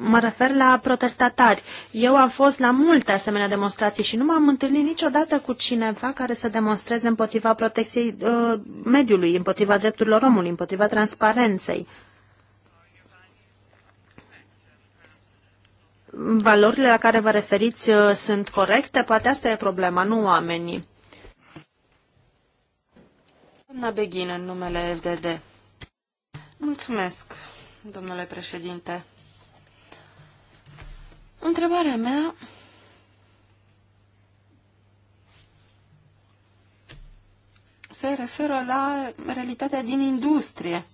mă refer la protestatari. Eu am fost la multe asemenea demonstrații și nu m-am întâlnit niciodată cu cineva care să demonstreze împotriva protecției uh, mediului, împotriva drepturilor omului, împotriva transparenței. Valorile la care vă referiți uh, sunt corecte? Poate asta e problema, nu oamenii. Doamna Beghin, în numele FDD. Mulțumesc, domnule președinte. Întrebarea mea se referă la realitatea din industrie.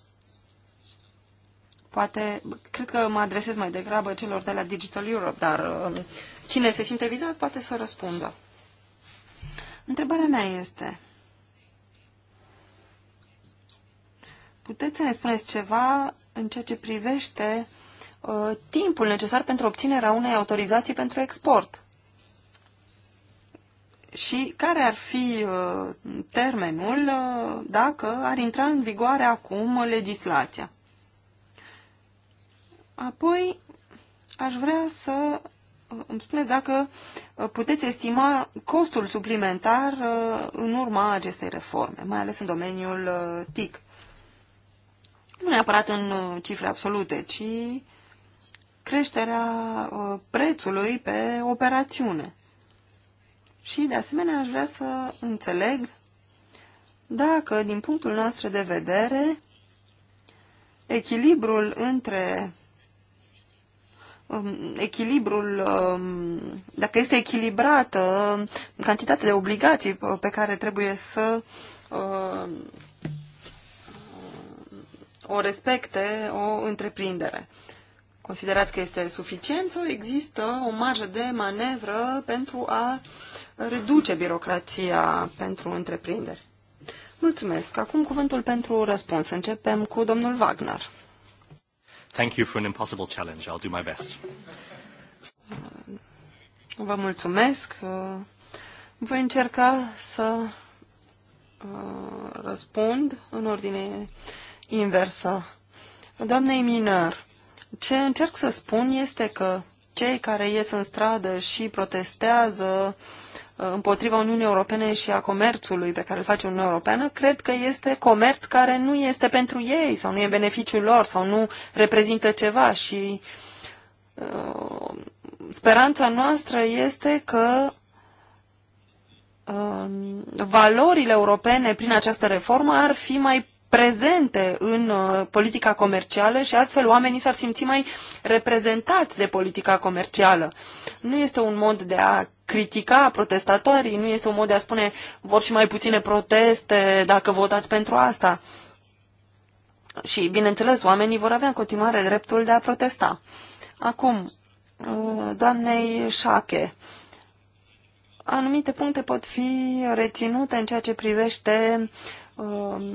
Poate, cred că mă adresez mai degrabă celor de la Digital Europe, dar um, cine se simte vizat poate să răspundă. Întrebarea mea este, Puteți să ne spuneți ceva în ceea ce privește uh, timpul necesar pentru obținerea unei autorizații pentru export? Și care ar fi uh, termenul uh, dacă ar intra în vigoare acum legislația? Apoi, aș vrea să uh, îmi spuneți dacă uh, puteți estima costul suplimentar uh, în urma acestei reforme, mai ales în domeniul TIC nu neapărat în uh, cifre absolute, ci creșterea uh, prețului pe operațiune. Și, de asemenea, aș vrea să înțeleg dacă, din punctul nostru de vedere, echilibrul între um, echilibrul, um, dacă este echilibrată um, cantitatea de obligații uh, pe care trebuie să o respecte o întreprindere. Considerați că este suficient sau există o marjă de manevră pentru a reduce birocrația pentru întreprinderi? Mulțumesc. Acum cuvântul pentru răspuns. Începem cu domnul Wagner. Thank you for an impossible challenge. I'll do my best. Vă mulțumesc. Voi încerca să uh, răspund în ordine inversă. Doamnei Miner, ce încerc să spun este că cei care ies în stradă și protestează uh, împotriva Uniunii Europene și a comerțului pe care îl face Uniunea Europeană, cred că este comerț care nu este pentru ei sau nu e beneficiul lor sau nu reprezintă ceva și uh, speranța noastră este că uh, valorile europene prin această reformă ar fi mai prezente în uh, politica comercială și astfel oamenii s-ar simți mai reprezentați de politica comercială. Nu este un mod de a critica protestatorii, nu este un mod de a spune vor și mai puține proteste dacă votați pentru asta. Și, bineînțeles, oamenii vor avea în continuare dreptul de a protesta. Acum, uh, doamnei Șache, anumite puncte pot fi reținute în ceea ce privește uh,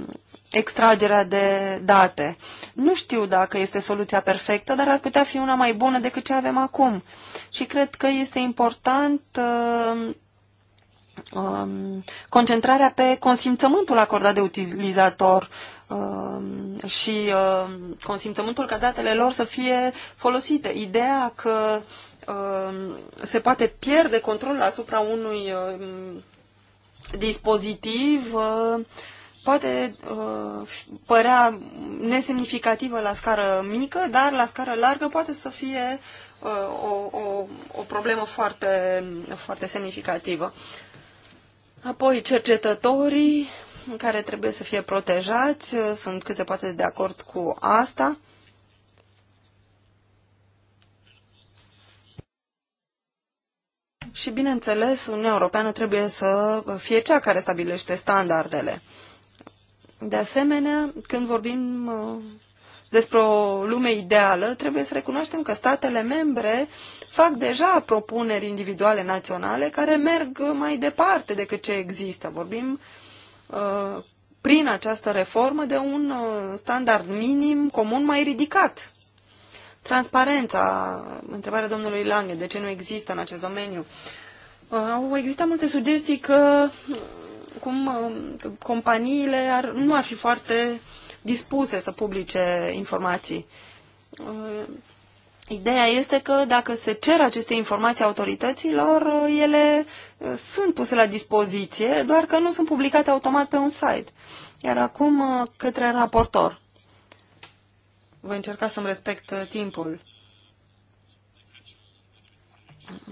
extragerea de date. Nu știu dacă este soluția perfectă, dar ar putea fi una mai bună decât ce avem acum. Și cred că este important uh, um, concentrarea pe consimțământul acordat de utilizator uh, și uh, consimțământul ca datele lor să fie folosite. Ideea că um, se poate pierde controlul asupra unui dispozitiv uh, poate uh, părea nesemnificativă la scară mică, dar la scară largă poate să fie uh, o, o, o problemă foarte, foarte semnificativă. Apoi, cercetătorii care trebuie să fie protejați, uh, sunt cât se poate de acord cu asta. Și, bineînțeles, Uniunea Europeană trebuie să fie cea care stabilește standardele. De asemenea, când vorbim uh, despre o lume ideală, trebuie să recunoaștem că statele membre fac deja propuneri individuale naționale care merg mai departe decât ce există. Vorbim uh, prin această reformă de un uh, standard minim comun mai ridicat. Transparența, întrebarea domnului Lange, de ce nu există în acest domeniu? Există au existat multe sugestii că cum uh, companiile ar, nu ar fi foarte dispuse să publice informații. Uh, ideea este că dacă se cer aceste informații autorităților, uh, ele sunt puse la dispoziție, doar că nu sunt publicate automat pe un site. Iar acum către raportor. Voi încerca să-mi respect timpul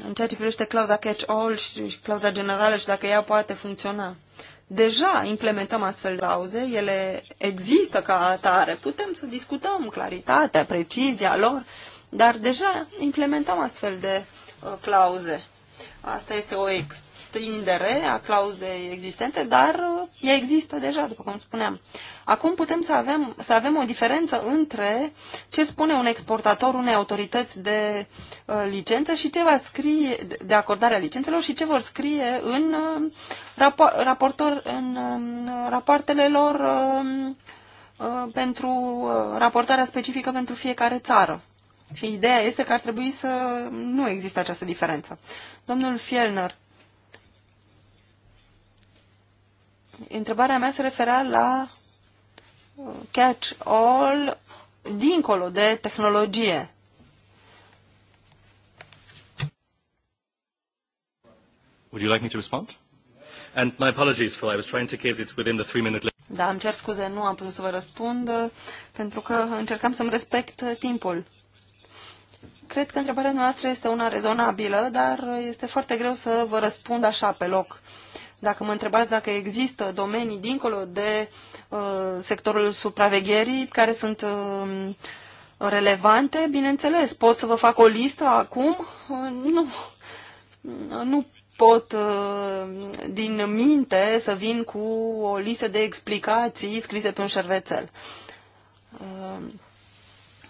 în ceea ce privește clauza catch-all și clauza generală și dacă ea poate funcționa. Deja implementăm astfel de clauze, ele există ca atare, putem să discutăm claritatea, precizia lor, dar deja implementăm astfel de uh, clauze. Asta este o ex extindere a clauzei existente, dar ea există deja, după cum spuneam. Acum putem să avem, să avem o diferență între ce spune un exportator unei autorități de uh, licență și ce va scrie de acordarea licențelor și ce vor scrie în, uh, rapo raportor, în uh, rapoartele lor uh, uh, pentru uh, raportarea specifică pentru fiecare țară. Și ideea este că ar trebui să nu există această diferență. Domnul Fielner întrebarea mea se referea la uh, catch-all dincolo de tehnologie. Would you like me to respond? And my apologies for I was trying to keep it within the three minute limit. Da, îmi cer scuze, nu am putut să vă răspund pentru că încercam să-mi respect uh, timpul. Cred că întrebarea noastră este una rezonabilă, dar este foarte greu să vă răspund așa pe loc. Uh, dacă mă întrebați dacă există domenii dincolo de uh, sectorul supravegherii care sunt uh, relevante, bineînțeles, pot să vă fac o listă acum? Uh, nu. Uh, nu pot uh, din minte să vin cu o listă de explicații scrise pe un șervețel. Uh,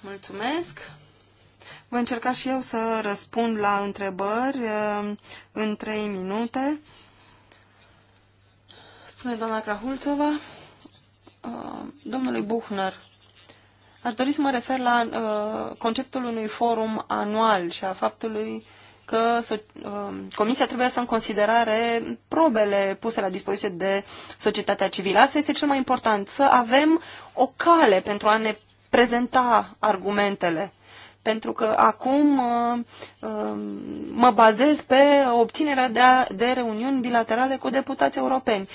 mulțumesc. Voi încerca și eu să răspund la întrebări uh, în trei minute spune doamna Krahulțova, uh, domnului Buchner, aș dori să mă refer la uh, conceptul unui forum anual și a faptului că uh, Comisia trebuie să în considerare probele puse la dispoziție de societatea civilă. Asta este cel mai important, să avem o cale pentru a ne prezenta argumentele pentru că acum mă bazez pe obținerea de, de reuniuni bilaterale cu deputați europeni.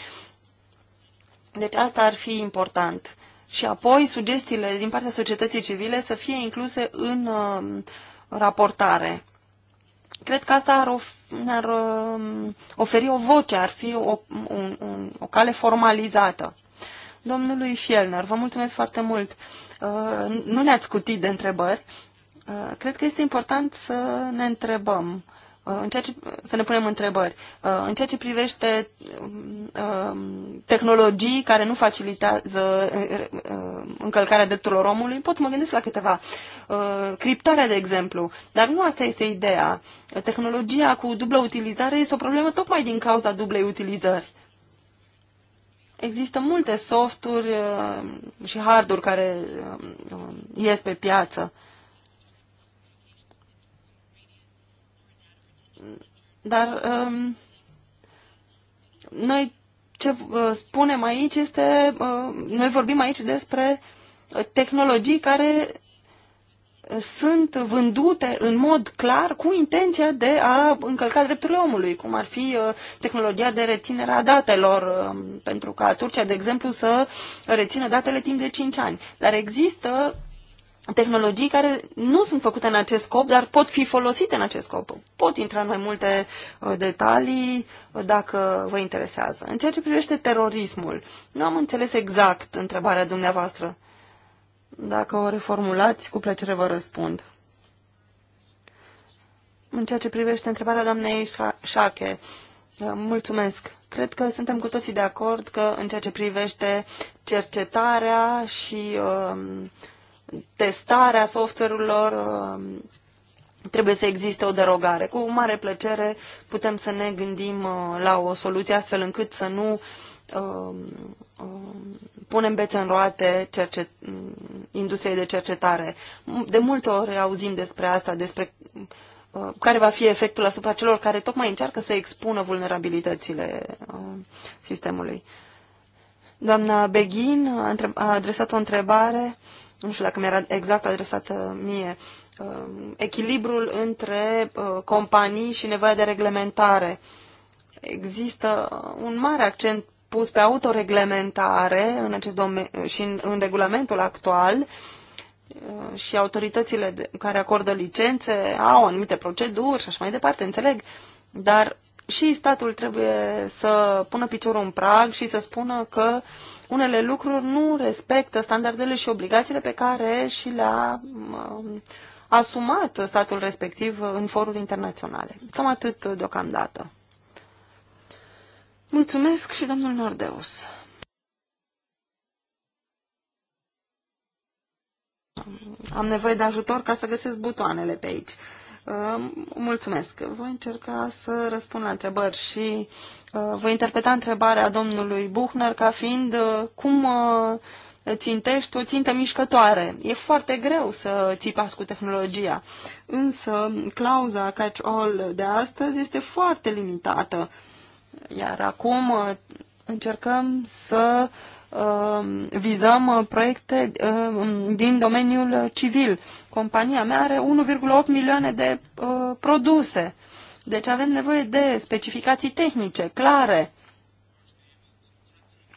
Deci asta ar fi important. Și apoi sugestiile din partea societății civile să fie incluse în uh, raportare. Cred că asta ar, of- ar uh, um, oferi o voce, ar fi o, un, un, o cale formalizată. Domnului Fielner, vă mulțumesc foarte mult. Uh, nu ne-ați scutit de întrebări. Uh, cred că este important să ne întrebăm Uh, în ceea ce, să ne punem întrebări. Uh, în ceea ce privește um, tehnologii care nu facilitează uh, încălcarea drepturilor omului, pot să mă gândesc la câteva. Criptarea, de exemplu. Dar nu asta este ideea. Tehnologia cu dublă utilizare este o problemă tocmai din cauza dublei utilizări. Există multe softuri și harduri care um, um, ies pe piață Dar um, noi ce uh, spunem aici este, uh, noi vorbim aici despre uh, tehnologii care uh, sunt vândute în mod clar cu intenția de a încălca drepturile omului, cum ar fi tehnologia de reținere a datelor, um, pentru ca Turcia, de exemplu, să rețină datele timp de 5 ani. Dar există tehnologii care nu sunt făcute în acest scop, dar pot fi folosite în acest scop. Pot intra în mai multe uh, detalii uh, dacă vă interesează. În ceea ce privește terorismul, nu am înțeles exact întrebarea dumneavoastră. Dacă o reformulați, cu plăcere vă răspund. În ceea ce privește întrebarea doamnei Șache, uh, mulțumesc. Cred că suntem cu toții de acord că în ceea ce privește cercetarea și uh, testarea software-urilor um, trebuie să existe o derogare. Cu mare plăcere putem să ne gândim uh, la o soluție astfel încât să nu um, um, punem bețe în roate cercet, mm, industriei de cercetare. De multe ori auzim despre asta, despre uh, care va fi efectul asupra celor care tocmai încearcă să expună vulnerabilitățile uh, sistemului. Doamna Beghin a adresat o întrebare nu știu dacă mi-era exact adresată mie, uh, echilibrul între uh, companii și nevoia de reglementare. Există un mare accent pus pe autoreglementare în acest uh, și în, în regulamentul actual și autoritățile care acordă licențe au anumite proceduri și așa mai departe, înțeleg, dar și statul trebuie să pună piciorul în prag și să spună că unele lucruri nu respectă standardele și obligațiile pe care și le-a um, asumat statul respectiv în foruri internaționale. Cam atât deocamdată. Mulțumesc și domnul Nordeus. Am nevoie de ajutor ca să găsesc butoanele pe aici. Mulțumesc. Voi încerca să răspund la întrebări și uh, voi interpreta întrebarea domnului Buchner ca fiind uh, cum uh, țintești o țintă mișcătoare. E foarte greu să ții pas cu tehnologia, însă clauza catch-all de astăzi este foarte limitată. Iar acum încercăm să Uh, vizăm uh, proiecte uh, din domeniul civil. Compania mea are 1,8 milioane de produse. Deci avem nevoie de specificații tehnice clare.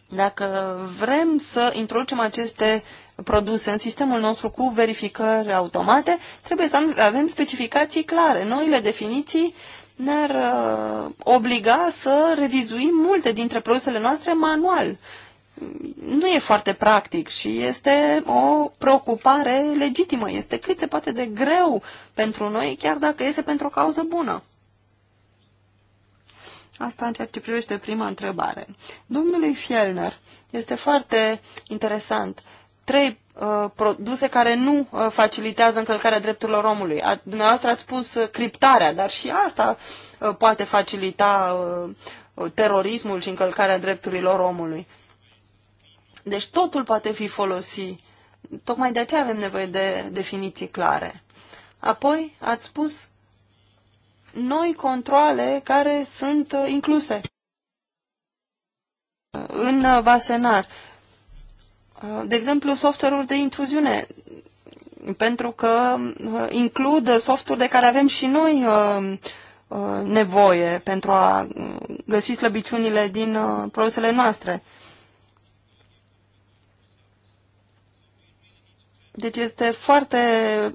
Dacă vrem să introducem aceste produse în sistemul nostru cu verificări automate, trebuie să avem specificații clare. Noile definiții ne-ar obliga să revizuim multe dintre produsele noastre manual nu e foarte practic și este o preocupare legitimă. Este cât se poate de greu pentru noi, chiar dacă este pentru o cauză bună. Asta în ceea ce privește prima întrebare. Domnului Fielner, este foarte interesant. Trei uh, produse care nu uh, facilitează încălcarea drepturilor omului. A, dumneavoastră ați spus uh, criptarea, dar și asta uh, poate facilita uh, uh terorismul și încălcarea drepturilor omului. Uh, deci totul poate fi folosit. Tocmai de aceea avem nevoie de definiții clare. Apoi ați spus noi controle care sunt uh, incluse uh, în uh, basenar. De exemplu, software-uri de intruziune, pentru că includ softuri de care avem și noi nevoie pentru a găsi slăbiciunile din produsele noastre. Deci este foarte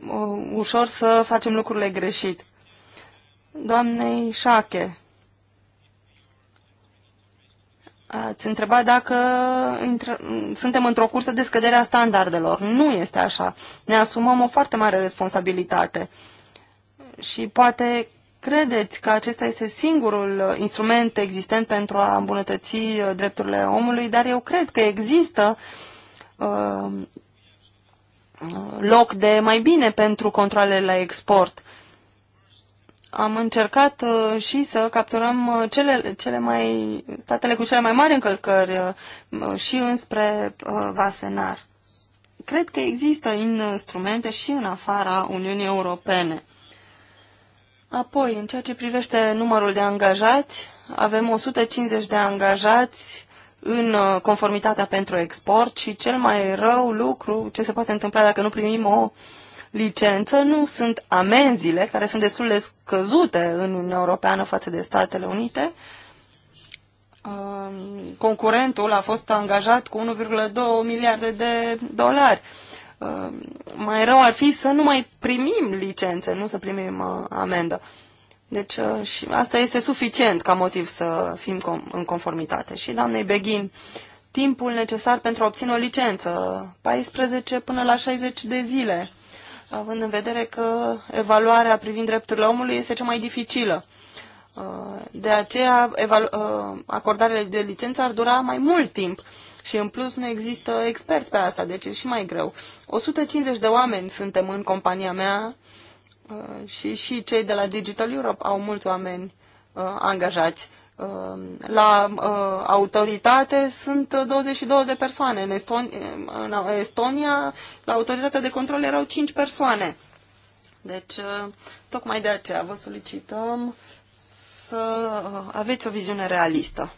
uh, ușor să facem lucrurile greșit. Doamnei Șache, ați întrebat dacă suntem într-o cursă de scădere a standardelor. Nu este așa. Ne asumăm o foarte mare responsabilitate. Și poate credeți că acesta este singurul instrument existent pentru a îmbunătăți drepturile omului, dar eu cred că există uh, loc de mai bine pentru controlele la export. Am încercat uh, și să capturăm uh, cele, cele mai, statele cu cele mai mari încălcări uh, și înspre Vasenar. Cred că există instrumente și în afara Uniunii Europene. Apoi, în ceea ce privește numărul de angajați, avem 150 de angajați în uh, conformitatea pentru export și cel mai rău lucru ce se poate întâmpla dacă nu primim o licență nu sunt amenziile, care sunt destul de scăzute în Uniunea Europeană față de Statele Unite. Um, concurentul a fost angajat cu 1,2 miliarde de dolari. Um, mai rău ar fi să nu mai primim licențe, nu să primim uh, amendă. Deci uh, și asta este suficient ca motiv să fim în conformitate. Și doamnei Beghin, timpul necesar pentru a obține o licență, 14 până la 60 de zile, având în vedere că evaluarea privind drepturile omului este cea mai dificilă. Uh, de aceea, uh, acordarea de licență ar dura mai mult timp și în plus nu există experți pe asta, deci e și mai greu. 150 de oameni suntem în compania mea Uh, și, și cei de la Digital Europe au mulți oameni uh, angajați. Uh, la autoritate sunt 22 de persoane. În, Eston- în Estonia, la autoritatea de control erau 5 persoane. Deci, tocmai de aceea vă solicităm să aveți o viziune realistă.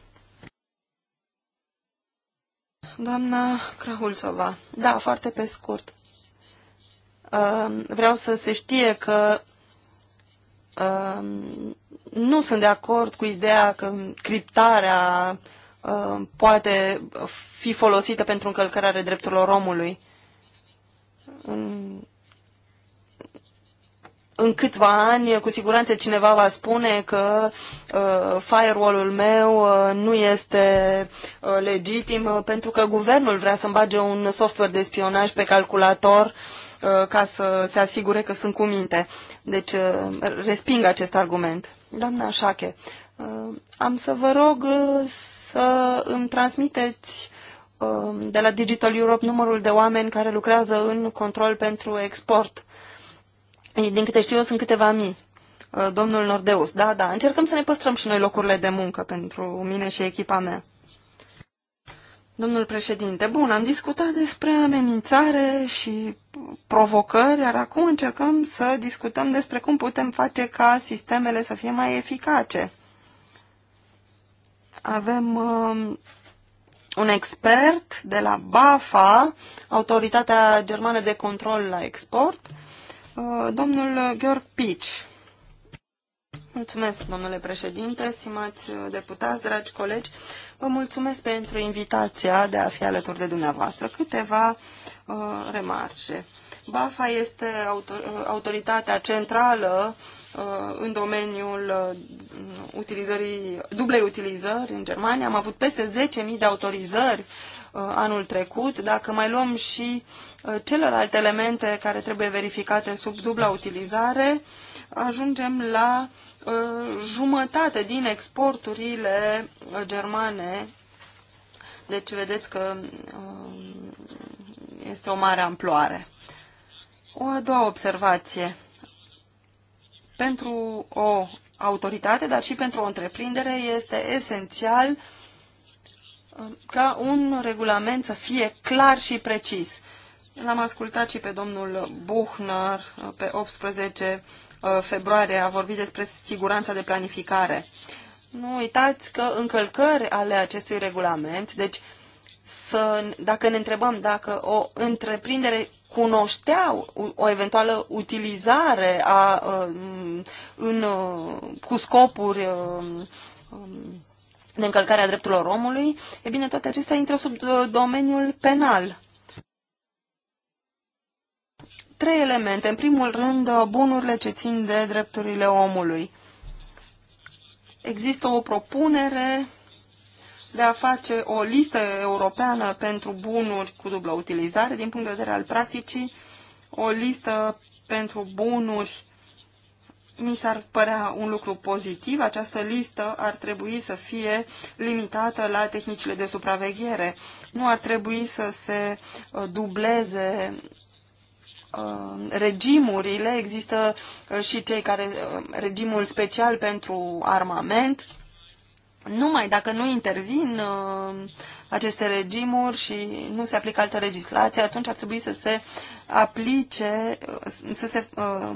Doamna Crahulțova, da, foarte pe scurt. Um, vreau să se știe că um, nu sunt de acord cu ideea că criptarea um, poate fi folosită pentru încălcarea drepturilor omului. În, în câțiva ani, cu siguranță cineva va spune că uh, firewall-ul meu uh, nu este uh, legitim uh, pentru că guvernul vrea să-mi bage un software de spionaj pe calculator uh, Uh, ca să se asigure că sunt cu minte. Deci uh, resping acest argument. Doamna Șache, uh, am să vă rog să îmi transmiteți de la Digital Europe numărul de oameni care lucrează în control pentru export. Din câte știu eu, sunt câteva mii. Domnul Nordeus, da, da, încercăm să ne păstrăm și noi locurile de muncă pentru mine și echipa mea. Domnul președinte, bun, am discutat despre amenințare și provocări, iar acum încercăm să discutăm despre cum putem face ca sistemele să fie mai eficace. Avem uh, un expert de la BAFA, Autoritatea Germană de Control la Export, uh, domnul Georg Pitch. Mulțumesc, domnule președinte, stimați uh, deputați, dragi colegi. Vă mulțumesc pentru invitația de a fi alături de dumneavoastră. Câteva uh, remarce. BAFA este autor, uh, autoritatea centrală uh, în domeniul uh, utilizării, dublei utilizări în Germania. Am avut peste 10.000 de autorizări uh, anul trecut. Dacă mai luăm și uh, celelalte elemente care trebuie verificate sub dubla utilizare, ajungem la Uh, jumătate din exporturile uh, germane. Deci vedeți că uh, este o mare amploare. O a doua observație. Pentru o autoritate, dar și pentru o întreprindere, este esențial ca un regulament să fie clar și precis. L-am ascultat și pe domnul Buchner pe 18 Uh, februarie a vorbit despre siguranța de planificare. Nu uitați că încălcări ale acestui regulament, deci să, dacă ne întrebăm dacă o întreprindere cunoștea o eventuală utilizare a, um, în, uh, cu scopuri um, um, de încălcare a drepturilor omului, e bine, toate acestea intră sub uh, domeniul penal trei elemente. În primul rând, uh, bunurile ce țin de drepturile omului. Există o propunere de a face o listă europeană pentru bunuri cu dublă utilizare, din punct de vedere al practicii, o listă pentru bunuri mi s-ar părea un lucru pozitiv. Această listă ar trebui să fie limitată la tehnicile de supraveghere. Nu ar trebui să se uh, dubleze Uh, regimurile, există uh, și cei care, uh, regimul special pentru armament, numai dacă nu intervin aceste regimuri și nu se aplică altă legislație, atunci ar trebui să se aplice, să se uh,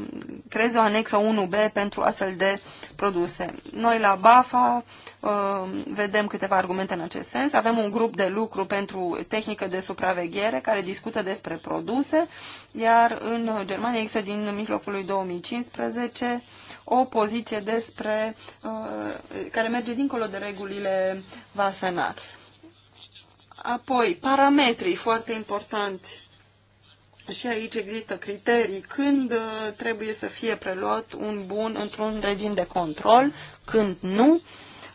creeze o anexă 1B pentru astfel de produse. Noi la BAFA uh, vedem câteva argumente în acest sens. Avem un grup de lucru pentru tehnică de supraveghere care discută despre produse, iar în Germania există din mijlocul lui 2015 o poziție despre uh, care merge dincolo de regulile Vasenar. Apoi, parametrii foarte importanti. Și aici există criterii când uh, trebuie să fie preluat un bun într-un regim de control, când nu.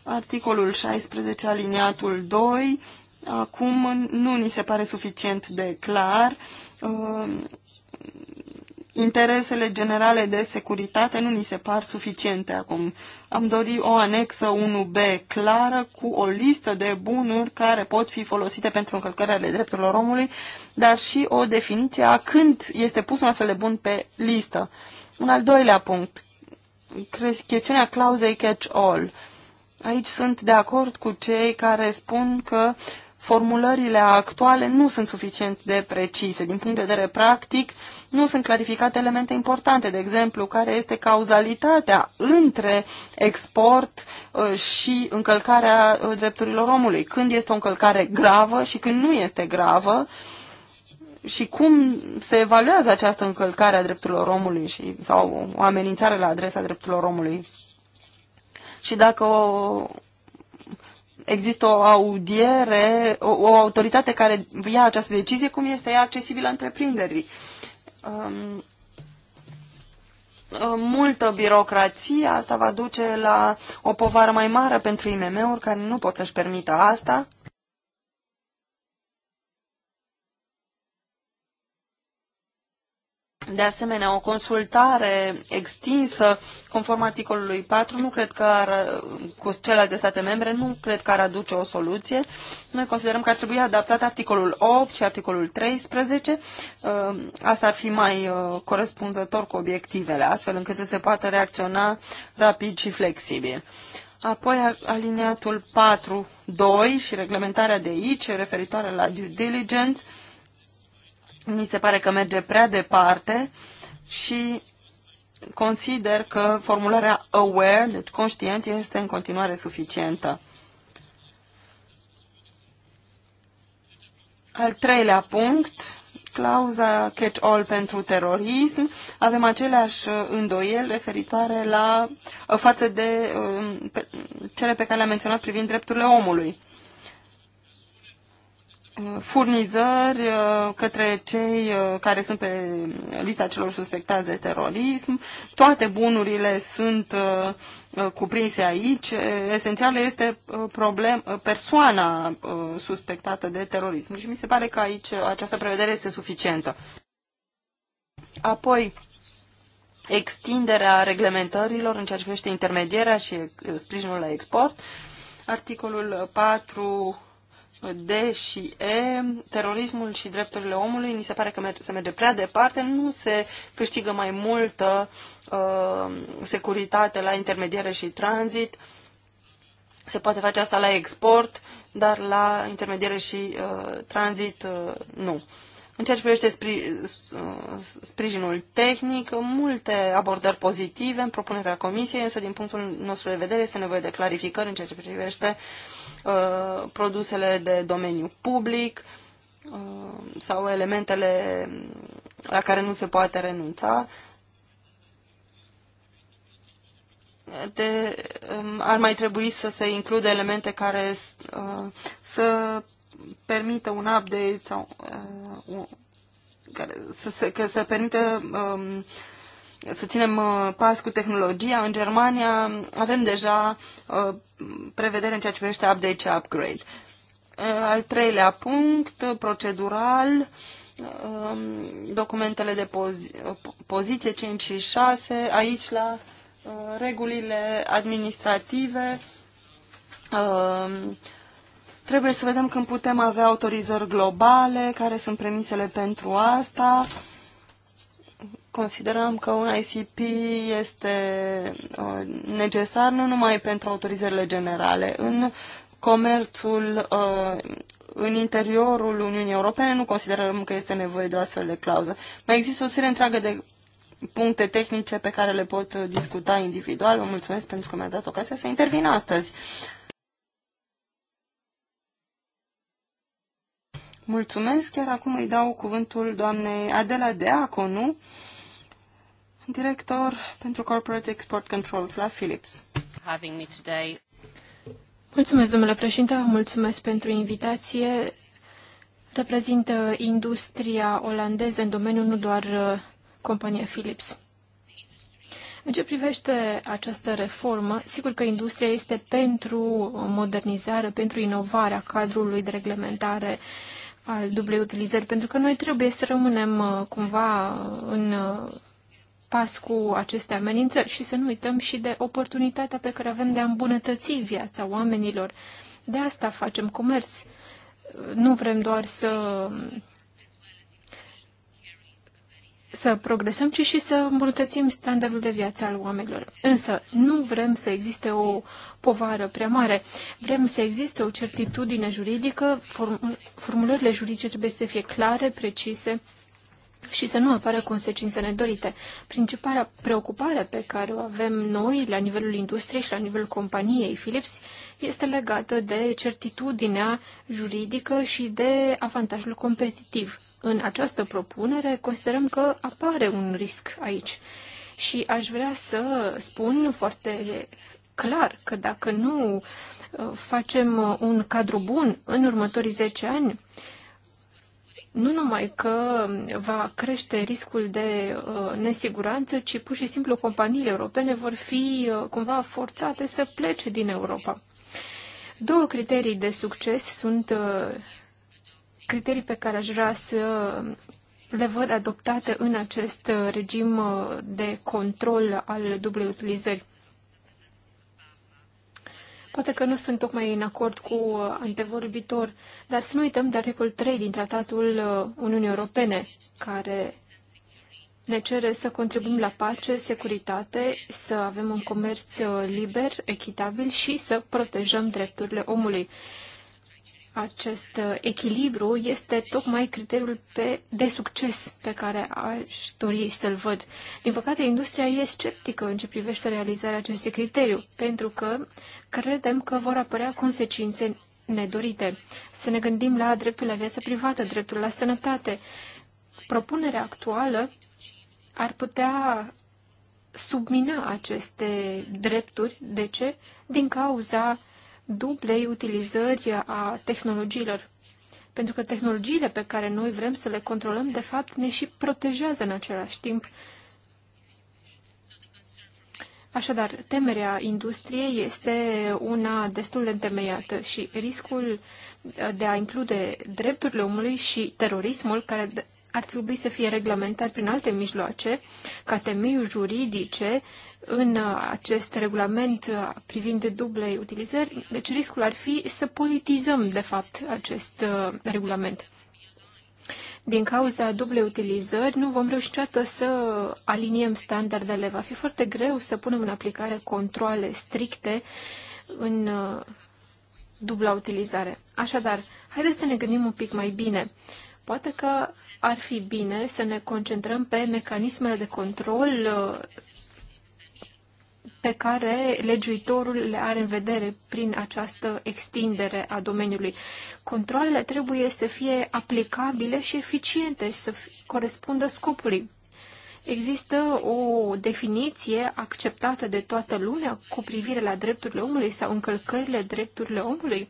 Articolul 16, aliniatul 2, acum nu ni se pare suficient de clar uh, interesele generale de securitate nu ni se par suficiente acum. Am dori o anexă 1B clară cu o listă de bunuri care pot fi folosite pentru încălcări ale drepturilor omului, dar și o definiție a când este pus un astfel de bun pe listă. Un al doilea punct, chestiunea clauzei catch-all. Aici sunt de acord cu cei care spun că uh, formulările actuale nu sunt suficient de precise. Din punct de vedere practic, nu sunt clarificate elemente importante, de exemplu, care este cauzalitatea între export uh, și încălcarea uh, drepturilor omului, când este o încălcare gravă și când nu este gravă și cum se evaluează această încălcare a drepturilor omului și, sau o amenințare la adresa drepturilor omului. Și dacă o, există o audiere, o, o autoritate care ia această decizie, cum este ea accesibilă întreprinderii. Um, uh, multă birocrație, asta va duce la o povară mai mare pentru IMM-uri care nu pot să-și permită asta. De asemenea, o consultare extinsă conform articolului 4 nu cred că ar, cu celelalte state membre nu cred că ar aduce o soluție. Noi considerăm că ar trebui adaptat articolul 8 și articolul 13. Uh, asta ar fi mai uh, corespunzător cu obiectivele, astfel încât să se poată reacționa rapid și flexibil. Apoi aliniatul 4.2 și reglementarea de aici referitoare la due diligence mi se pare că merge prea departe și consider că formularea aware, deci conștient, este în continuare suficientă. Al treilea punct, clauza catch-all pentru terorism. Avem aceleași uh, îndoieli referitoare la uh, față de uh, cele pe care le-am menționat privind drepturile omului. Uh, furnizări uh, către cei uh, care sunt pe lista celor suspectați de terorism. Toate bunurile sunt cuprinse aici. Esențial este problem, persoana suspectată de terorism. Și mi se pare că aici această prevedere este suficientă. Apoi, extinderea reglementărilor în ceea ce privește intermedierea și sprijinul la export. Articolul 4 D și E, terorismul și drepturile omului, mi se pare că se merge prea departe, nu se câștigă mai multă uh, securitate la intermediere și tranzit. Se poate face asta la export, dar la intermediere și uh, tranzit uh, nu. În ceea ce privește spri, uh, sprijinul tehnic, multe abordări pozitive în propunerea Comisiei, însă din punctul nostru de vedere este nevoie de clarificări în ceea ce privește uh, Uh, produsele de domeniu public uh, sau elementele la care nu se poate renunța. De, um, ar mai trebui să se includă elemente care uh, să permită un update sau să, să, să permită um, să ținem uh, pas cu tehnologia. În Germania avem deja uh, prevedere în ceea ce privește update și upgrade. Uh, al treilea punct, procedural, um, documentele de pozi- poziție 5 și 6, aici la regulile administrative. Um, trebuie să vedem când putem avea autorizări globale, care sunt premisele pentru asta Considerăm că un ICP este uh, necesar nu numai pentru autorizările generale. În comerțul uh, în interiorul Uniunii Europene nu considerăm că este nevoie de o astfel de clauză. Mai există o serie întreagă de puncte tehnice pe care le pot discuta individual. Vă mulțumesc pentru că mi-ați dat ocazia să intervin astăzi. Mulțumesc, chiar acum îi dau cuvântul doamnei Adela Deaconu, director pentru Corporate Export Controls la Philips. Having me today. Mulțumesc, domnule președinte, mulțumesc pentru invitație. Reprezintă industria olandeză în domeniul, nu doar uh, compania Philips. În ce privește această reformă, sigur că industria este pentru modernizare, pentru inovarea cadrului de reglementare al dublei utilizări, pentru că noi trebuie să rămânem uh, cumva în uh, pas cu aceste amenințări și să nu uităm și de oportunitatea pe care avem de a îmbunătăți viața oamenilor. De asta facem comerț. Nu vrem doar să să progresăm, ci și să îmbunătățim standardul de viață al oamenilor. Însă, nu vrem să existe o povară prea mare. Vrem să existe o certitudine juridică, formulările juridice trebuie să fie clare, precise și să nu apară consecințe nedorite. Principala preocupare pe care o avem noi la nivelul industriei și la nivelul companiei Philips este legată de certitudinea juridică și de avantajul competitiv. În această propunere considerăm că apare un risc aici. Și aș vrea să spun foarte clar că dacă nu uh, facem uh, un cadru bun în următorii 10 ani, nu numai că va crește riscul de uh, nesiguranță, ci pur și simplu companiile europene vor fi uh, cumva forțate să plece din Europa. Două criterii de succes sunt uh, criterii pe care aș vrea să le văd adoptate în acest regim de control al dublei utilizări. Poate că nu sunt tocmai în acord cu uh, antevorbitor, dar să nu uităm de articolul 3 din Tratatul uh, Uniunii Europene, care ne cere să contribuim la pace, securitate, să avem un comerț uh, liber, echitabil și să protejăm drepturile omului acest uh, echilibru este tocmai criteriul pe, de succes pe care aș dori să-l văd. Din păcate, industria e sceptică în ce privește realizarea acestui criteriu, pentru că credem că vor apărea consecințe nedorite. Să ne gândim la dreptul la viață privată, dreptul la sănătate. Propunerea actuală ar putea submina aceste drepturi. De ce? Din cauza dublei utilizări a tehnologiilor. Pentru că tehnologiile pe care noi vrem să le controlăm, de fapt, ne și protejează în același timp. Așadar, temerea industriei este una destul de întemeiată și riscul de a include drepturile omului și terorismul, care ar trebui să fie reglementat prin alte mijloace, ca temeiuri juridice în uh, acest regulament uh, privind dublei utilizări. Deci riscul ar fi să politizăm, de fapt, acest uh, regulament. Din cauza dublei utilizări, nu vom reuși niciodată să aliniem standardele. Va fi foarte greu să punem în aplicare controle stricte în dubla utilizare. Așadar, haideți să ne gândim un pic mai bine. Poate că ar fi bine să ne concentrăm pe mecanismele de control uh, pe care legiuitorul le are în vedere prin această extindere a domeniului. Controlele trebuie să fie aplicabile și eficiente și să corespundă scopului. Există o definiție acceptată de toată lumea cu privire la drepturile omului sau încălcările drepturile omului?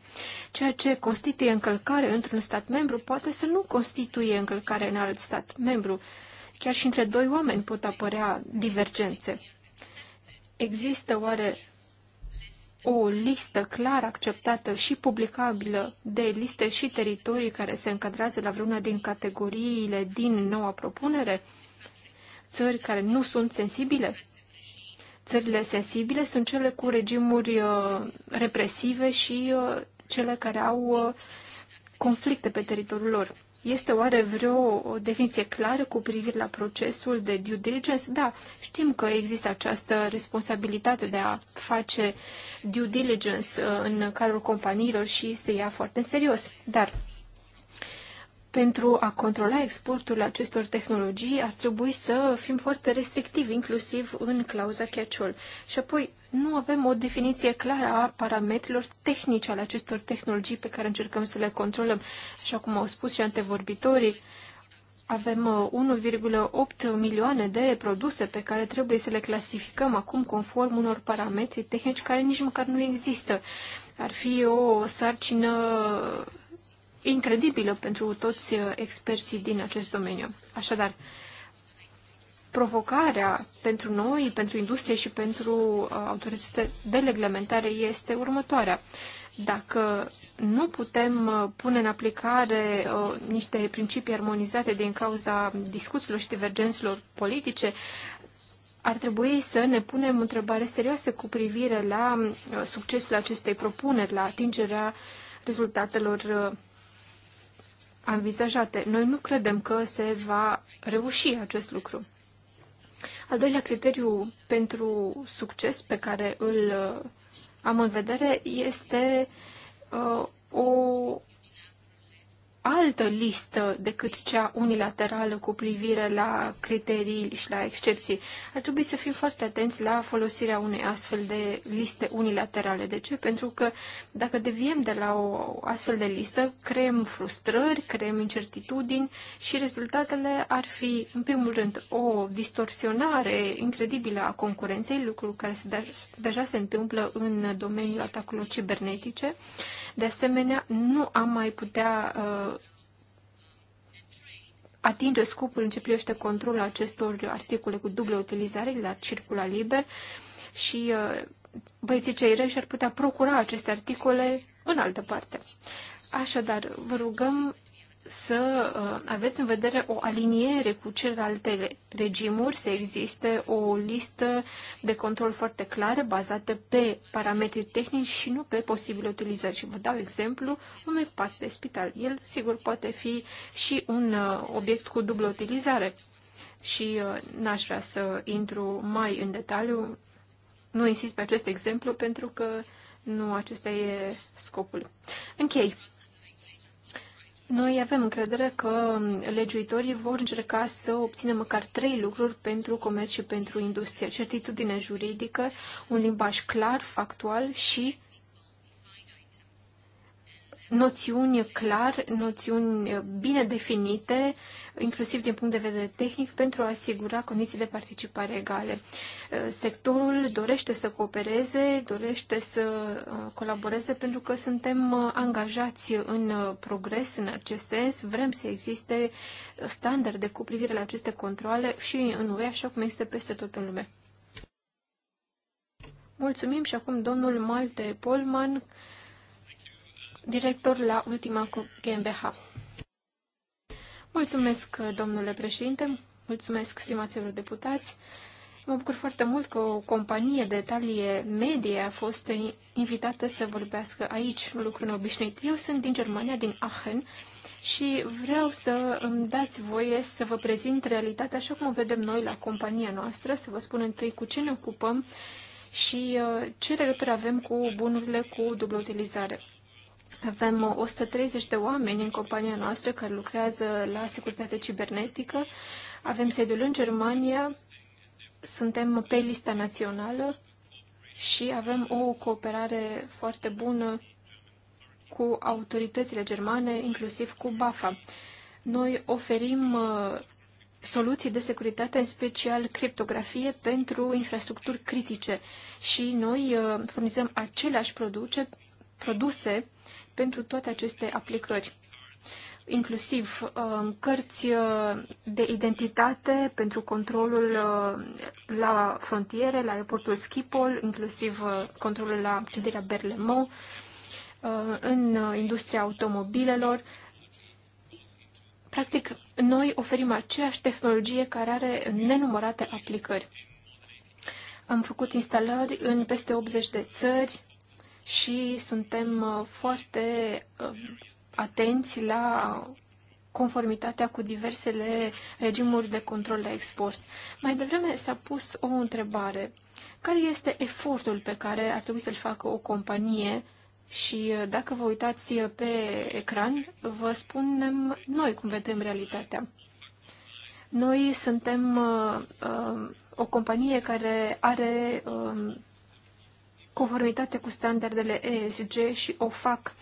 Ceea ce constituie încălcare într-un stat membru poate să nu constituie încălcare în alt stat membru. Chiar și între doi oameni pot apărea divergențe. Există oare o listă clar acceptată și publicabilă de liste și teritorii care se încadrează la vreuna din categoriile din noua propunere? țări care nu sunt sensibile? Țările sensibile sunt cele cu regimuri uh, represive și uh, cele care au uh, conflicte pe teritoriul lor. Este oare vreo definiție clară cu privire la procesul de due diligence? Da, știm că există această responsabilitate de a face due diligence în cadrul companiilor și se ia foarte în serios. Dar pentru a controla exportul acestor tehnologii ar trebui să fim foarte restrictivi, inclusiv în clauza catch-all. Și apoi nu avem o definiție clară a parametrilor tehnici ale acestor tehnologii pe care încercăm să le controlăm. Așa cum au spus și antevorbitorii, avem 1,8 uh, milioane de produse pe care trebuie să le clasificăm acum conform unor parametri tehnici care nici măcar nu există. Ar fi o sarcină incredibilă pentru toți uh, experții din acest domeniu. Așadar, provocarea pentru noi, pentru industrie și pentru uh, autoritățile de reglementare este următoarea. Dacă nu putem uh, pune în aplicare niște principii armonizate din cauza discuțiilor și divergențelor politice, ar trebui să ne punem întrebare serioasă cu privire la succesul acestei propuneri, la atingerea rezultatelor anvizajate. Noi nu credem că se va reuși acest lucru. Al doilea criteriu pentru succes pe care îl uh, am în vedere este uh, o altă listă decât cea unilaterală cu privire la criterii și la excepții. Ar trebui să fim foarte atenți la folosirea unei astfel de liste unilaterale. De ce? Pentru că dacă deviem de la o astfel de listă, creăm frustrări, creăm incertitudini și rezultatele ar fi, în primul rând, o distorsionare incredibilă a concurenței, lucru care se deja se întâmplă în domeniul atacurilor cibernetice, de asemenea, nu am mai putea uh, atinge scopul în ce privește controlul acestor articole cu dublă utilizare, la circula liber, și uh, băieții cei răi ar putea procura aceste articole în altă parte. Așadar, vă rugăm să uh, aveți în vedere o aliniere cu celelalte regimuri, să existe o listă de control foarte clară, bazată pe parametri tehnici și nu pe posibile utilizări. Și vă dau exemplu unui pat de spital. El, sigur, poate fi și un uh, obiect cu dublă utilizare. Și uh, n-aș vrea să intru mai în detaliu, nu insist pe acest exemplu, pentru că nu acesta e scopul. Închei. Okay. Noi avem încredere că legiuitorii vor încerca să obțină măcar trei lucruri pentru comerț și pentru industrie. Certitudine juridică, un limbaj clar, factual și noțiuni clar, noțiuni eh, bine definite, inclusiv din punct de vedere tehnic, pentru a asigura condiții de participare egale. Eh, sectorul dorește să coopereze, dorește să eh, colaboreze pentru că suntem angajați în progres în acest sens, vrem să existe standarde cu privire la aceste controle și în UE, așa cum este peste tot în lume. Mulțumim și acum domnul Malte Polman, director la Ultima GmbH. Mulțumesc, domnule președinte, mulțumesc, stimați deputați. Mă bucur foarte mult că o companie de talie medie a fost invitată să vorbească aici, lucru neobișnuit. Eu sunt din Germania, din Aachen, și vreau să îmi dați voie să vă prezint realitatea așa cum o vedem noi la compania noastră, să vă spun întâi cu ce ne ocupăm și uh, ce legătură avem cu bunurile cu dublă utilizare. Avem 130 de oameni în compania noastră care lucrează la securitate cibernetică. Avem sediul în Germania, suntem pe lista națională și avem o cooperare foarte bună cu autoritățile germane, inclusiv cu BAFA. Noi oferim uh, soluții de securitate, în special criptografie, pentru infrastructuri critice și noi uh, furnizăm aceleași produce, produse pentru toate aceste aplicări inclusiv uh, cărți uh, de identitate pentru controlul uh, la frontiere, la aeroportul Schiphol, inclusiv controlul la clădirea Berlemo, în industria automobilelor. Practic, noi oferim aceeași tehnologie care are nenumărate aplicări. Am făcut instalări în peste 80 de țări, și suntem uh, foarte uh, atenți la conformitatea cu diversele regimuri de control la export. Mai devreme s-a pus o întrebare. Care este efortul pe care ar trebui să-l facă o companie și uh, dacă vă uitați pe ecran, vă spunem noi cum vedem realitatea. Noi suntem uh, o companie care are uh, conformitate cu standardele ESG și o fac.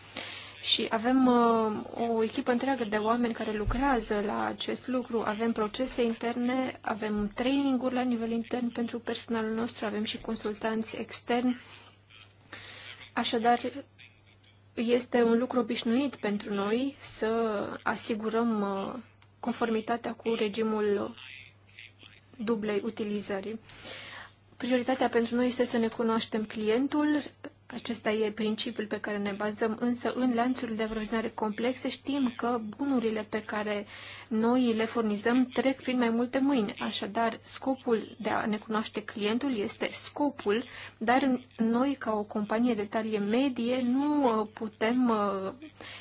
Și avem uh, o echipă întreagă de oameni care lucrează la acest lucru. Avem procese interne, avem training-uri la nivel intern pentru personalul nostru, avem și consultanți externi. Așadar, este un lucru obișnuit pentru noi să asigurăm uh, conformitatea cu regimul dublei utilizări. Prioritatea pentru noi este să ne cunoaștem clientul, acesta e principiul pe care ne bazăm, însă în lanțurile de aprovizionare complexe știm că bunurile pe care noi le furnizăm trec prin mai multe mâini. Așadar, scopul de a ne cunoaște clientul este scopul, dar noi, ca o companie de talie medie, nu uh, putem uh,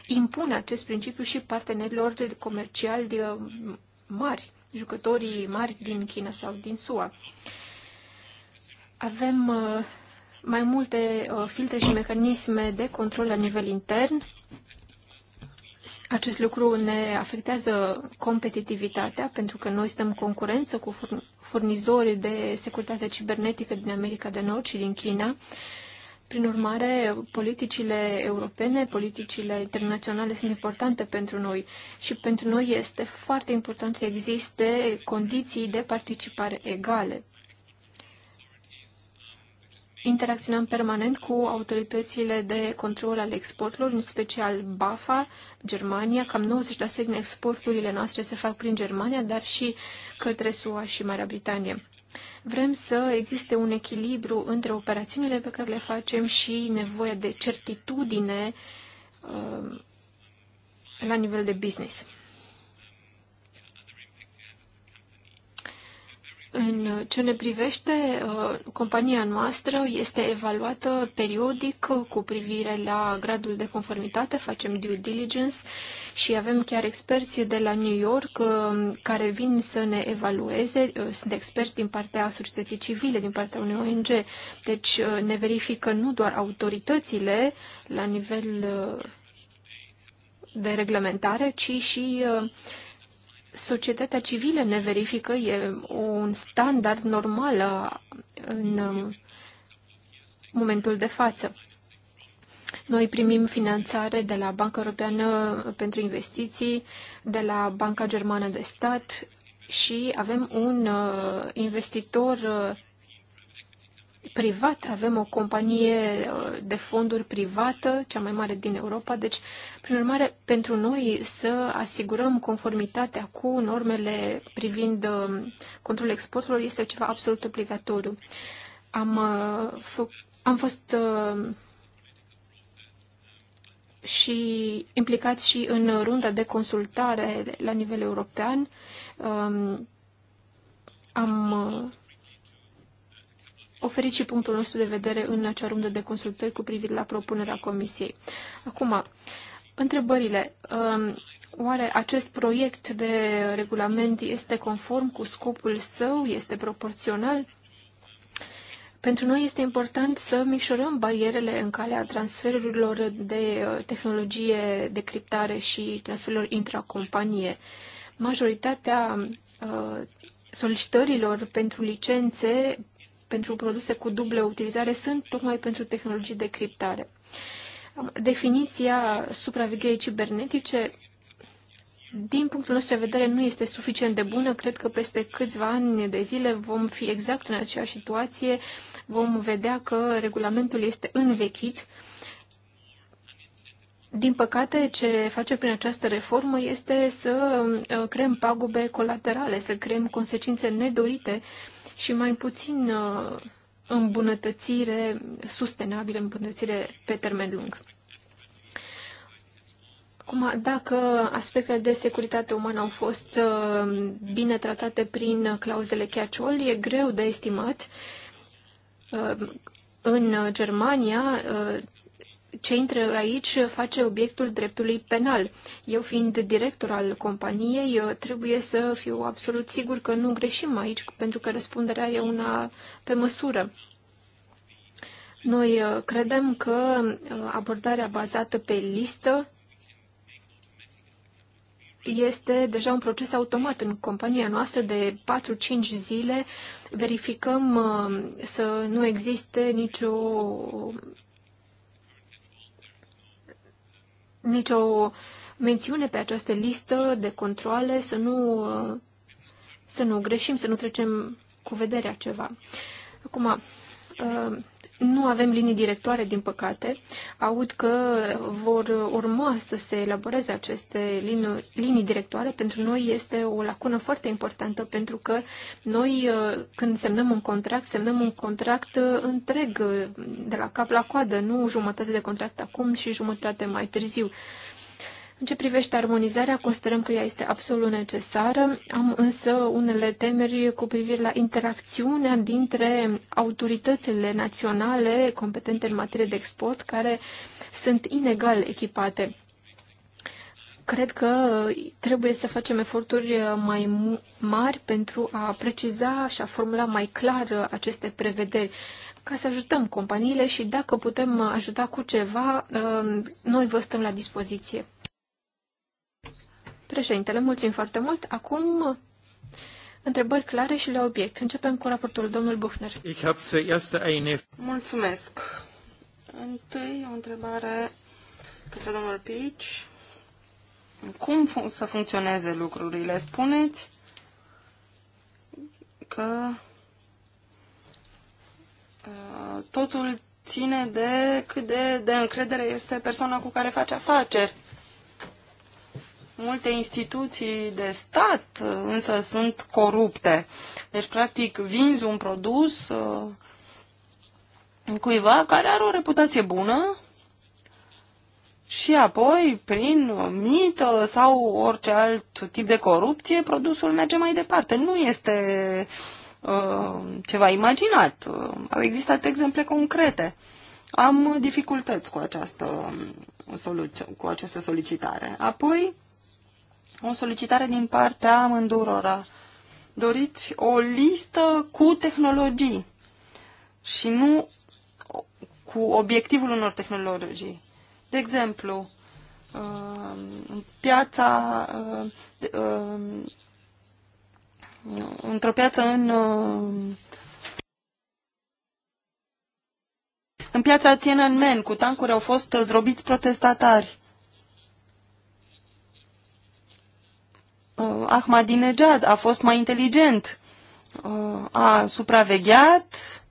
impune acest principiu și partenerilor comerciali uh, mari, jucătorii mari din China sau din SUA. Avem uh, mai multe uh, filtre și mecanisme de control la nivel intern. Acest lucru ne afectează competitivitatea, pentru că noi suntem concurență cu furnizorii de securitate cibernetică din America de Nord și din China. Prin urmare, politicile europene, politicile internaționale sunt importante pentru noi și pentru noi este foarte important să existe condiții de participare egale interacționăm permanent cu autoritățile de control al exporturilor, în special BAFA, Germania. Cam 90% din exporturile noastre se fac prin Germania, dar și către SUA și Marea Britanie. Vrem să existe un echilibru între operațiunile pe care le facem și nevoia de certitudine uh, la nivel de business. În ce ne privește, uh, compania noastră este evaluată periodic uh, cu privire la gradul de conformitate, facem due diligence și avem chiar experți de la New York uh, care vin să ne evalueze. Sunt experți din partea societății civile, din partea unei ONG, deci ne verifică nu doar autoritățile la nivel de reglementare, ci și uh, societatea civilă ne verifică, e un standard normal uh, în um, momentul de față. Noi primim finanțare de la Banca Europeană pentru Investiții, de la Banca Germană de Stat și avem un uh, investitor uh, privat, avem o companie uh, de fonduri privată, cea mai mare din Europa, deci, prin urmare, pentru noi să asigurăm conformitatea cu normele privind uh, controlul exporturilor este ceva absolut obligatoriu. Am, uh, am fost și implicați și în runda de consultare la nivel european. Um, am oferit și punctul nostru de vedere în acea rundă de consultări cu privire la propunerea Comisiei. Acum, întrebările. Um, oare acest proiect de regulament este conform cu scopul său? Este proporțional? Pentru noi este important să micșorăm barierele în calea transferurilor de uh, tehnologie de criptare și transferurilor intracompanie. Majoritatea uh, solicitărilor pentru licențe pentru produse cu dublă utilizare sunt tocmai pentru tehnologii de criptare. Definiția supravegherii cibernetice, din punctul nostru de vedere, nu este suficient de bună. Cred că peste câțiva ani de zile vom fi exact în aceeași situație, vom vedea că regulamentul este învechit. Din păcate, ce facem prin această reformă este să uh, creăm pagube colaterale, să creăm consecințe nedorite uh, și mai puțin uh, îmbunătățire sustenabilă, îmbunătățire pe termen lung. Acum, dacă aspectele de securitate umană au fost uh, bine tratate prin clauzele catch-all, e greu de estimat. Uh, în Germania, ce intră aici face obiectul dreptului penal. Eu fiind director al companiei, trebuie să fiu absolut sigur că nu greșim aici, pentru că răspunderea e una pe măsură. Noi uh, credem că uh, abordarea bazată pe listă este deja un proces automat în compania noastră. De 4-5 zile verificăm uh, să nu existe nicio nicio mențiune pe această listă de controle, să nu, să nu greșim, să nu trecem cu vederea ceva. Acum, uh, nu avem linii directoare, din păcate. Aud că vor urma să se elaboreze aceste linii, linii directoare. Pentru noi este o lacună foarte importantă, pentru că noi, uh, când semnăm un contract, semnăm un contract uh, întreg, uh, de la cap la coadă, nu jumătate de contract acum și jumătate mai târziu. În ce privește armonizarea, considerăm că ea este absolut necesară. Am însă unele temeri cu privire la interacțiunea dintre autoritățile naționale competente în materie de export, care sunt inegal echipate. Cred că trebuie să facem eforturi mai mari pentru a preciza și a formula mai clar aceste prevederi ca să ajutăm companiile și dacă putem ajuta cu ceva, uh, noi vă stăm la dispoziție. Președintele, mulțumim foarte mult. Acum, întrebări clare și la obiect. Începem cu raportul domnul Buchner. Mulțumesc. Întâi o întrebare către domnul Pici. Cum fun- să funcționeze lucrurile? Spuneți că uh, totul ține de cât de, de încredere este persoana cu care face afaceri. Multe instituții de stat uh, însă sunt corupte. Deci, practic, vinzi un produs uh, cuiva care are o reputație bună și apoi, prin mită sau orice alt tip de corupție, produsul merge mai departe. Nu este uh, ceva imaginat. Uh, au existat exemple concrete. Am dificultăți cu această, um, cu această solicitare. Apoi, o solicitare din partea amândurora. Doriți o listă cu tehnologii și nu cu obiectivul unor tehnologii. De exemplu, uh, piața uh, uh, într-o piață în în piața Tiananmen, cu tancuri au fost zdrobiți protestatari. uh, Ahmadinejad a fost mai inteligent, uh, a supravegheat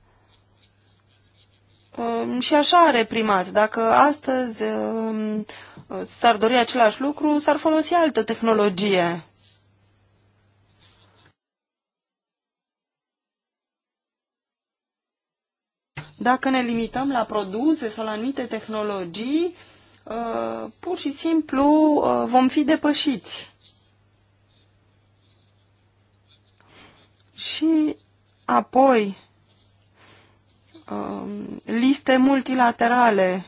uh, și așa a reprimat. Dacă astăzi uh, s-ar dori același lucru, s-ar folosi altă tehnologie. Dacă ne limităm la produse sau la anumite tehnologii, uh, pur și simplu uh, vom fi depășiți. și apoi um, liste multilaterale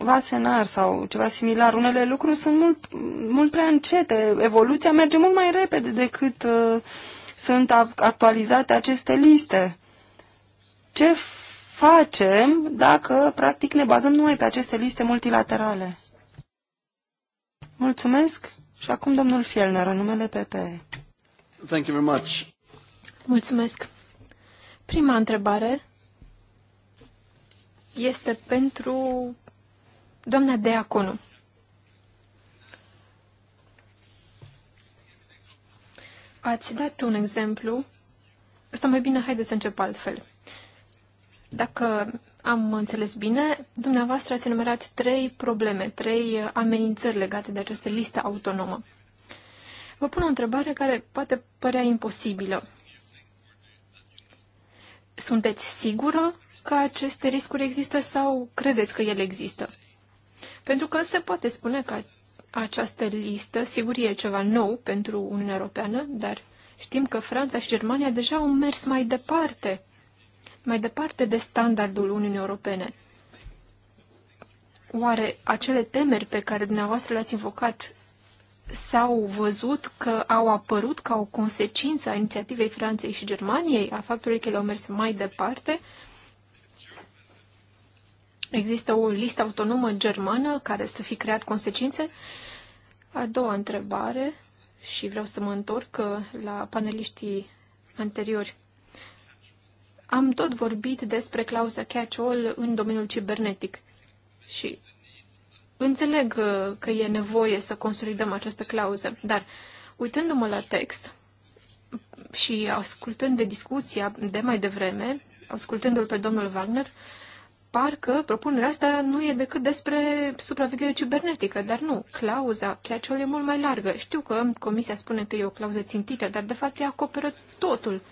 Vasenar sau ceva similar. Unele lucruri sunt mult, mult prea încete. Evoluția merge mult mai repede decât uh, sunt actualizate aceste liste. Ce facem dacă, practic, ne bazăm numai pe aceste liste multilaterale? Mulțumesc! Și acum domnul Fielner, în numele PP. Thank you very much. Mulțumesc. Prima întrebare este pentru doamna Deaconu. Ați dat un exemplu, sau mai bine, haideți să încep altfel. Dacă am înțeles bine, dumneavoastră ați enumerat trei probleme, trei amenințări legate de această listă autonomă. Vă pun o întrebare care poate părea imposibilă. Sunteți sigură că aceste riscuri există sau credeți că ele există? Pentru că se poate spune că această listă, sigur, e ceva nou pentru Uniunea Europeană, dar știm că Franța și Germania deja au mers mai departe mai departe de standardul Uniunii Europene. Oare acele temeri pe care dumneavoastră le-ați invocat s-au văzut că au apărut ca o consecință a inițiativei Franței și Germaniei, a faptului că le-au mers mai departe? Există o listă autonomă germană care să fi creat consecințe? A doua întrebare, și vreau să mă întorc uh, la paneliștii anteriori. Am tot vorbit despre clauza catch-all în domeniul cibernetic și înțeleg uh, că e nevoie să consolidăm această clauză, dar uitându-mă la text și ascultând de discuția de mai devreme, ascultându-l pe domnul Wagner, parcă propunerea asta nu e decât despre supraveghere cibernetică, dar nu, clauza catch e mult mai largă. Știu că comisia spune că e o clauză țintită, dar de fapt ea acoperă totul.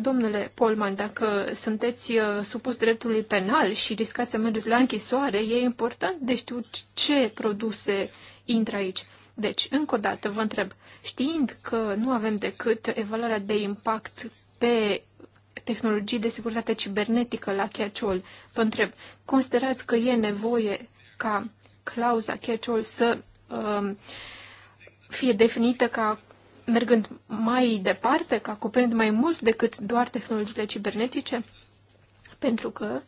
Domnule Polman, dacă sunteți uh, supus dreptului penal și riscați să mergeți la închisoare, e important de știut ce produse intră aici. Deci, încă o dată vă întreb, știind că nu avem decât evaluarea de impact pe tehnologii de securitate cibernetică la catch-all, vă întreb, considerați că e nevoie ca clauza catch-all să uh, fie definită ca mergând mai departe, ca cuprind mai mult decât doar tehnologiile cibernetice, pentru că,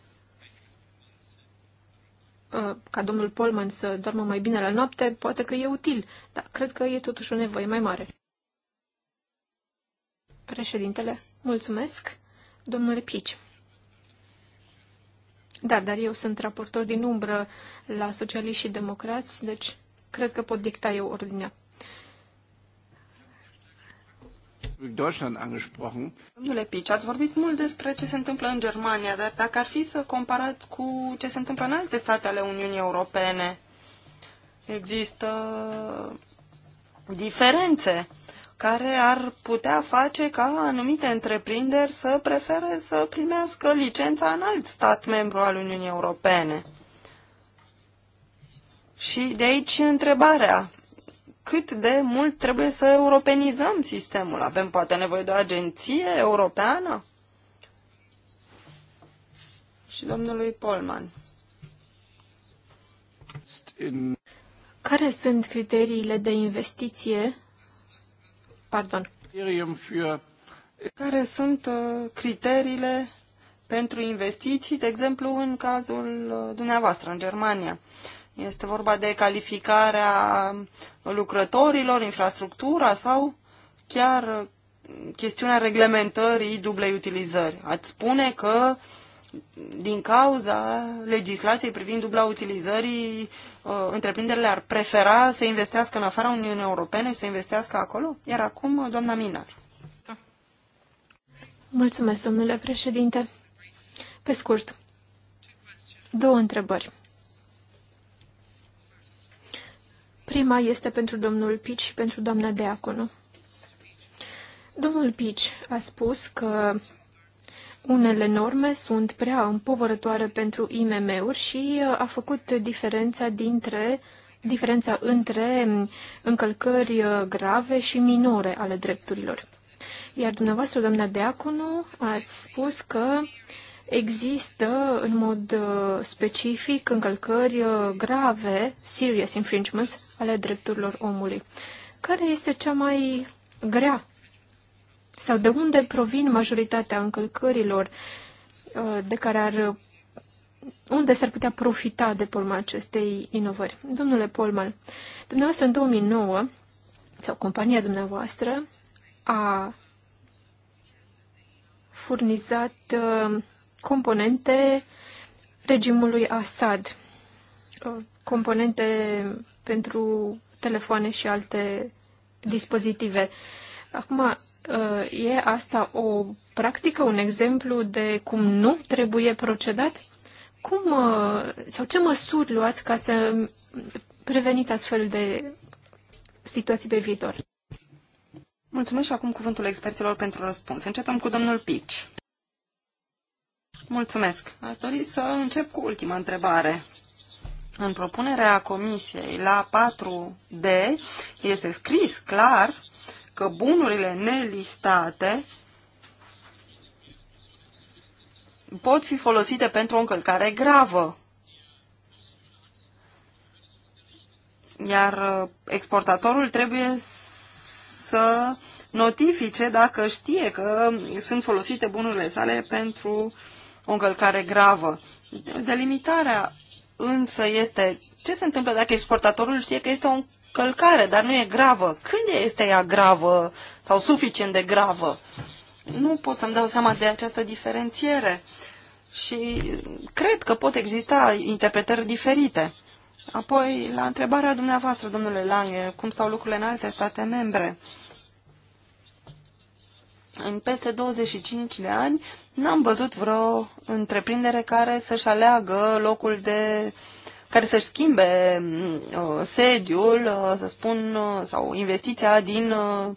uh, ca domnul Polman să doarmă mai bine la noapte, poate că e util, dar cred că e totuși o nevoie mai mare. Președintele, mulțumesc, domnule Pici. Da, dar eu sunt raportor din umbră la socialiști și democrați, deci cred că pot dicta eu ordinea. Domnule Pici, ați vorbit mult despre ce se întâmplă în Germania, dar dacă ar fi să comparați cu ce se întâmplă în alte state ale Uniunii Europene, există diferențe care ar putea face ca anumite întreprinderi să prefere să primească licența în alt stat membru al Uniunii Europene. Și de aici întrebarea, cât de mult trebuie să europenizăm sistemul. Avem poate nevoie de o agenție europeană? Și domnului Polman. Care sunt criteriile de investiție? Pardon. Care sunt uh, criteriile pentru investiții, de exemplu, în cazul uh, dumneavoastră, în Germania? Este vorba de calificarea lucrătorilor, infrastructura sau chiar chestiunea reglementării dublei utilizări. Ați spune că din cauza legislației privind dubla utilizării, uh, întreprinderile ar prefera să investească în afara Uniunii Europene și să investească acolo? Iar acum, doamna Minar. Mulțumesc, domnule președinte. Pe scurt, două întrebări. Prima este pentru domnul Pici și pentru doamna Deaconu. Domnul Pici a spus că unele norme sunt prea împovărătoare pentru IMM-uri și a făcut diferența dintre diferența între încălcări grave și minore ale drepturilor. Iar dumneavoastră, doamna Deaconu, ați spus că Există în mod uh, specific încălcări uh, grave, serious infringements, ale drepturilor omului. Care este cea mai grea? Sau de unde provin majoritatea încălcărilor uh, de care ar unde s-ar putea profita de polma acestei inovări. Domnule Polman, dumneavoastră în 2009, sau compania dumneavoastră, a furnizat componente regimului Assad, uh, componente pentru telefoane și alte dispozitive. Acum, uh, e asta o practică, un exemplu de cum nu trebuie procedat? Cum uh, sau ce măsuri luați ca să preveniți astfel de situații pe viitor? Mulțumesc și acum cuvântul experților pentru răspuns. Începem cu domnul Pici. Mulțumesc. Aș dori să încep cu ultima întrebare. În propunerea comisiei la 4D este scris clar că bunurile nelistate pot fi folosite pentru o încălcare gravă. Iar uh, exportatorul trebuie să notifice dacă știe că sunt folosite bunurile sale pentru uh, o încălcare gravă. Delimitarea însă este ce se întâmplă dacă exportatorul știe că este o încălcare, dar nu e gravă. Când este ea gravă sau suficient de gravă? Nu pot să-mi dau seama de această diferențiere și cred că pot exista interpretări diferite. Apoi, la întrebarea dumneavoastră, domnule Lange, cum stau lucrurile în alte state membre? Uh, în peste 25 de ani n-am văzut vreo întreprindere care să-și aleagă locul de care să-și schimbe uh, sediul, uh, să spun, uh, sau investiția din uh,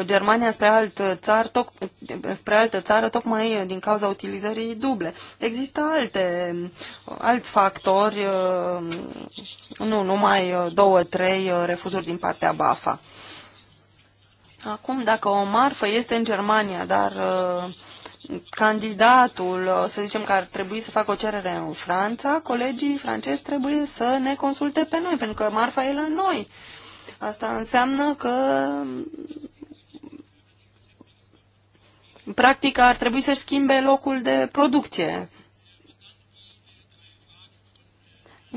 Germania spre, alt țară, toc, spre altă țară, tocmai uh, din cauza utilizării duble. Există alte, uh, alți factori, nu numai două, trei refuzuri din partea BAFA. Acum, dacă o marfă este în Germania, dar uh, candidatul, uh, să zicem că ar trebui să facă o cerere în Franța, colegii francezi trebuie să ne consulte pe noi, pentru că marfa e la noi. Asta înseamnă că mm, practic ar trebui să-și schimbe locul de producție.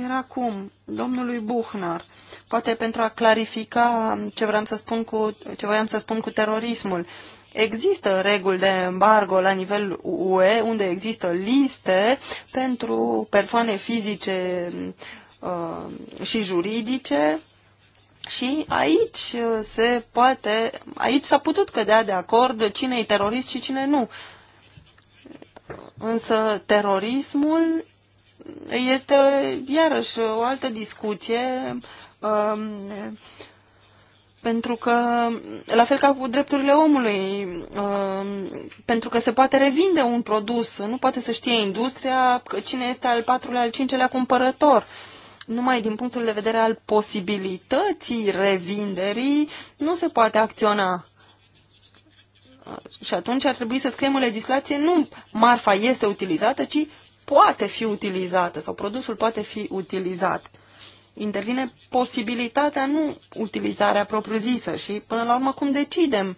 Iar acum, domnului Buchner, Poate pentru a clarifica um, ce vreau să spun cu, ce voiam să spun cu terorismul. Există reguli de embargo la nivel UE unde există liste pentru persoane fizice uh, și juridice și aici uh, se poate, aici s-a putut cădea de acord cine e terorist și cine nu. Însă terorismul este iarăși o altă discuție Um, pentru că, la fel ca cu drepturile omului, um, pentru că se poate revinde un produs, nu poate să știe industria cine este al patrulea, al cincelea cumpărător. Numai din punctul de vedere al posibilității revinderii nu se poate acționa. Și atunci ar trebui să scriem o legislație, nu marfa este utilizată, ci poate fi utilizată sau produsul poate fi utilizat intervine posibilitatea, nu utilizarea propriu-zisă. Și până la urmă cum decidem?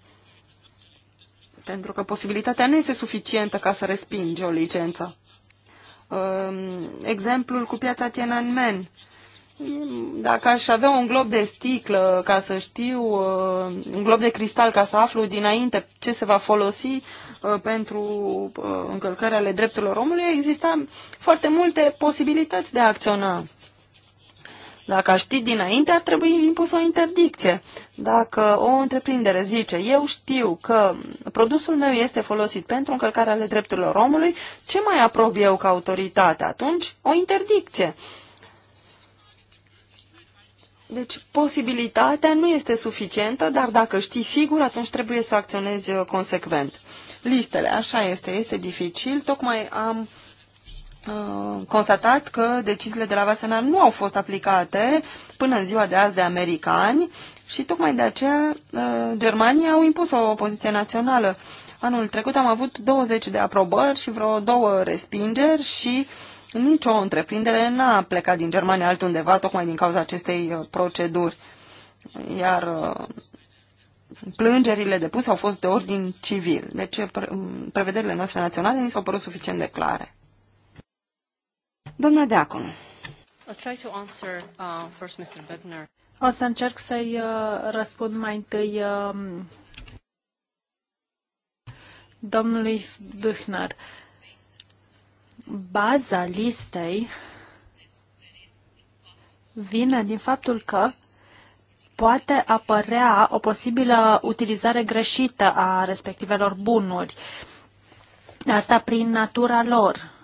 Pentru că posibilitatea nu este suficientă ca să respingi o licență. Ehm, exemplul cu piața Tiananmen. Dacă aș avea un glob de sticlă ca să știu, ehm, un glob de cristal ca să aflu dinainte ce se va folosi ehm, pentru încălcări ale drepturilor omului, exista foarte multe posibilități de a acționa dacă aș ști dinainte, ar trebui impus o interdicție. Dacă o întreprindere zice, eu știu că produsul meu este folosit pentru încălcarea ale drepturilor omului, ce mai aprob eu ca autoritate? Atunci, o interdicție. Deci, posibilitatea nu este suficientă, dar dacă știi sigur, atunci trebuie să acționezi uh, consecvent. Listele, așa este, este dificil. Tocmai am Uh, constatat că deciziile de la Wassenaar nu au fost aplicate până în ziua de azi de americani și tocmai de aceea uh, Germania au impus o poziție națională. Anul trecut am avut 20 de aprobări și vreo două respingeri și nicio întreprindere n-a plecat din Germania altundeva tocmai din cauza acestei uh, proceduri. Iar plângerile depuse au fost de ordin civil. Deci prevederile noastre naționale ni s-au părut suficient de clare. Doamna Deaconu. Uh, o să încerc să-i uh, răspund mai întâi um, domnului Buchner. Baza listei vine din faptul că poate apărea o posibilă utilizare greșită a respectivelor bunuri. Asta prin natura lor.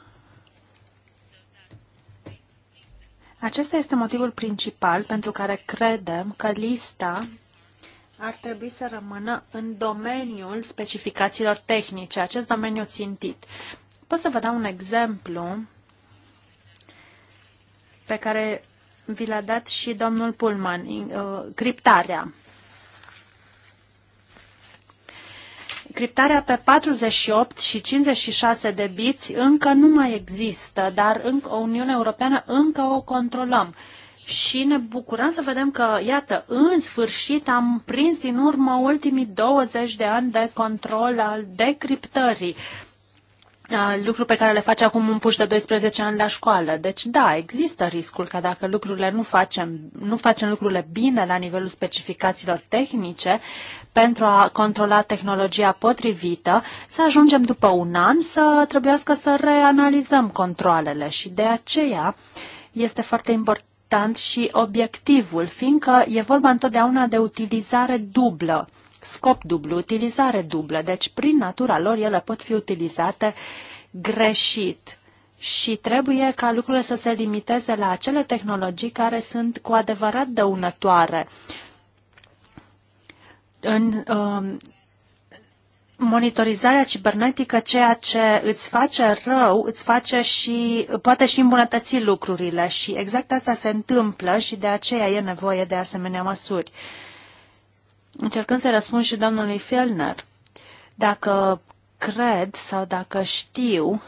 Acesta este motivul principal pentru care credem că lista ar trebui să rămână în domeniul specificațiilor tehnice, acest domeniu țintit. Pot să vă dau un exemplu pe care vi l-a dat și domnul Pullman, uh, criptarea. criptarea pe 48 și 56 de biți încă nu mai există, dar încă, Uniunea Europeană încă o controlăm. Și ne bucurăm să vedem că, iată, în sfârșit am prins din urmă ultimii 20 de ani de control al decriptării lucru pe care le face acum un puș de 12 ani la școală. Deci, da, există riscul că dacă lucrurile nu facem, nu facem lucrurile bine la nivelul specificațiilor tehnice pentru a controla tehnologia potrivită, să ajungem după un an să trebuiască să reanalizăm controlele și de aceea este foarte important și obiectivul, fiindcă e vorba întotdeauna de utilizare dublă scop dublu, utilizare dublă, deci prin natura lor ele pot fi utilizate greșit și trebuie ca lucrurile să se limiteze la acele tehnologii care sunt cu adevărat dăunătoare. În, uh, monitorizarea cibernetică, ceea ce îți face rău, îți face și, poate și îmbunătăți lucrurile și exact asta se întâmplă și de aceea e nevoie de asemenea măsuri. Uh, încercând să răspund și domnului Fielner, dacă cred sau dacă știu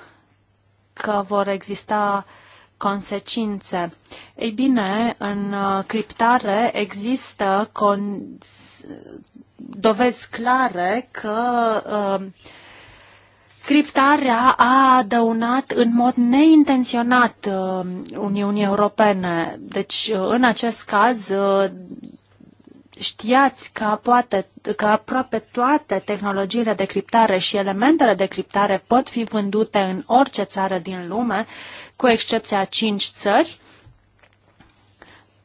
că vor exista consecințe. Ei bine, în uh, criptare există con- dovezi clare că uh, Criptarea a adăunat în mod neintenționat uh, Uniunii Europene. Deci, uh, în acest caz, știați că, poate, că aproape toate tehnologiile de criptare și elementele de criptare pot fi vândute în orice țară din lume, cu excepția cinci țări,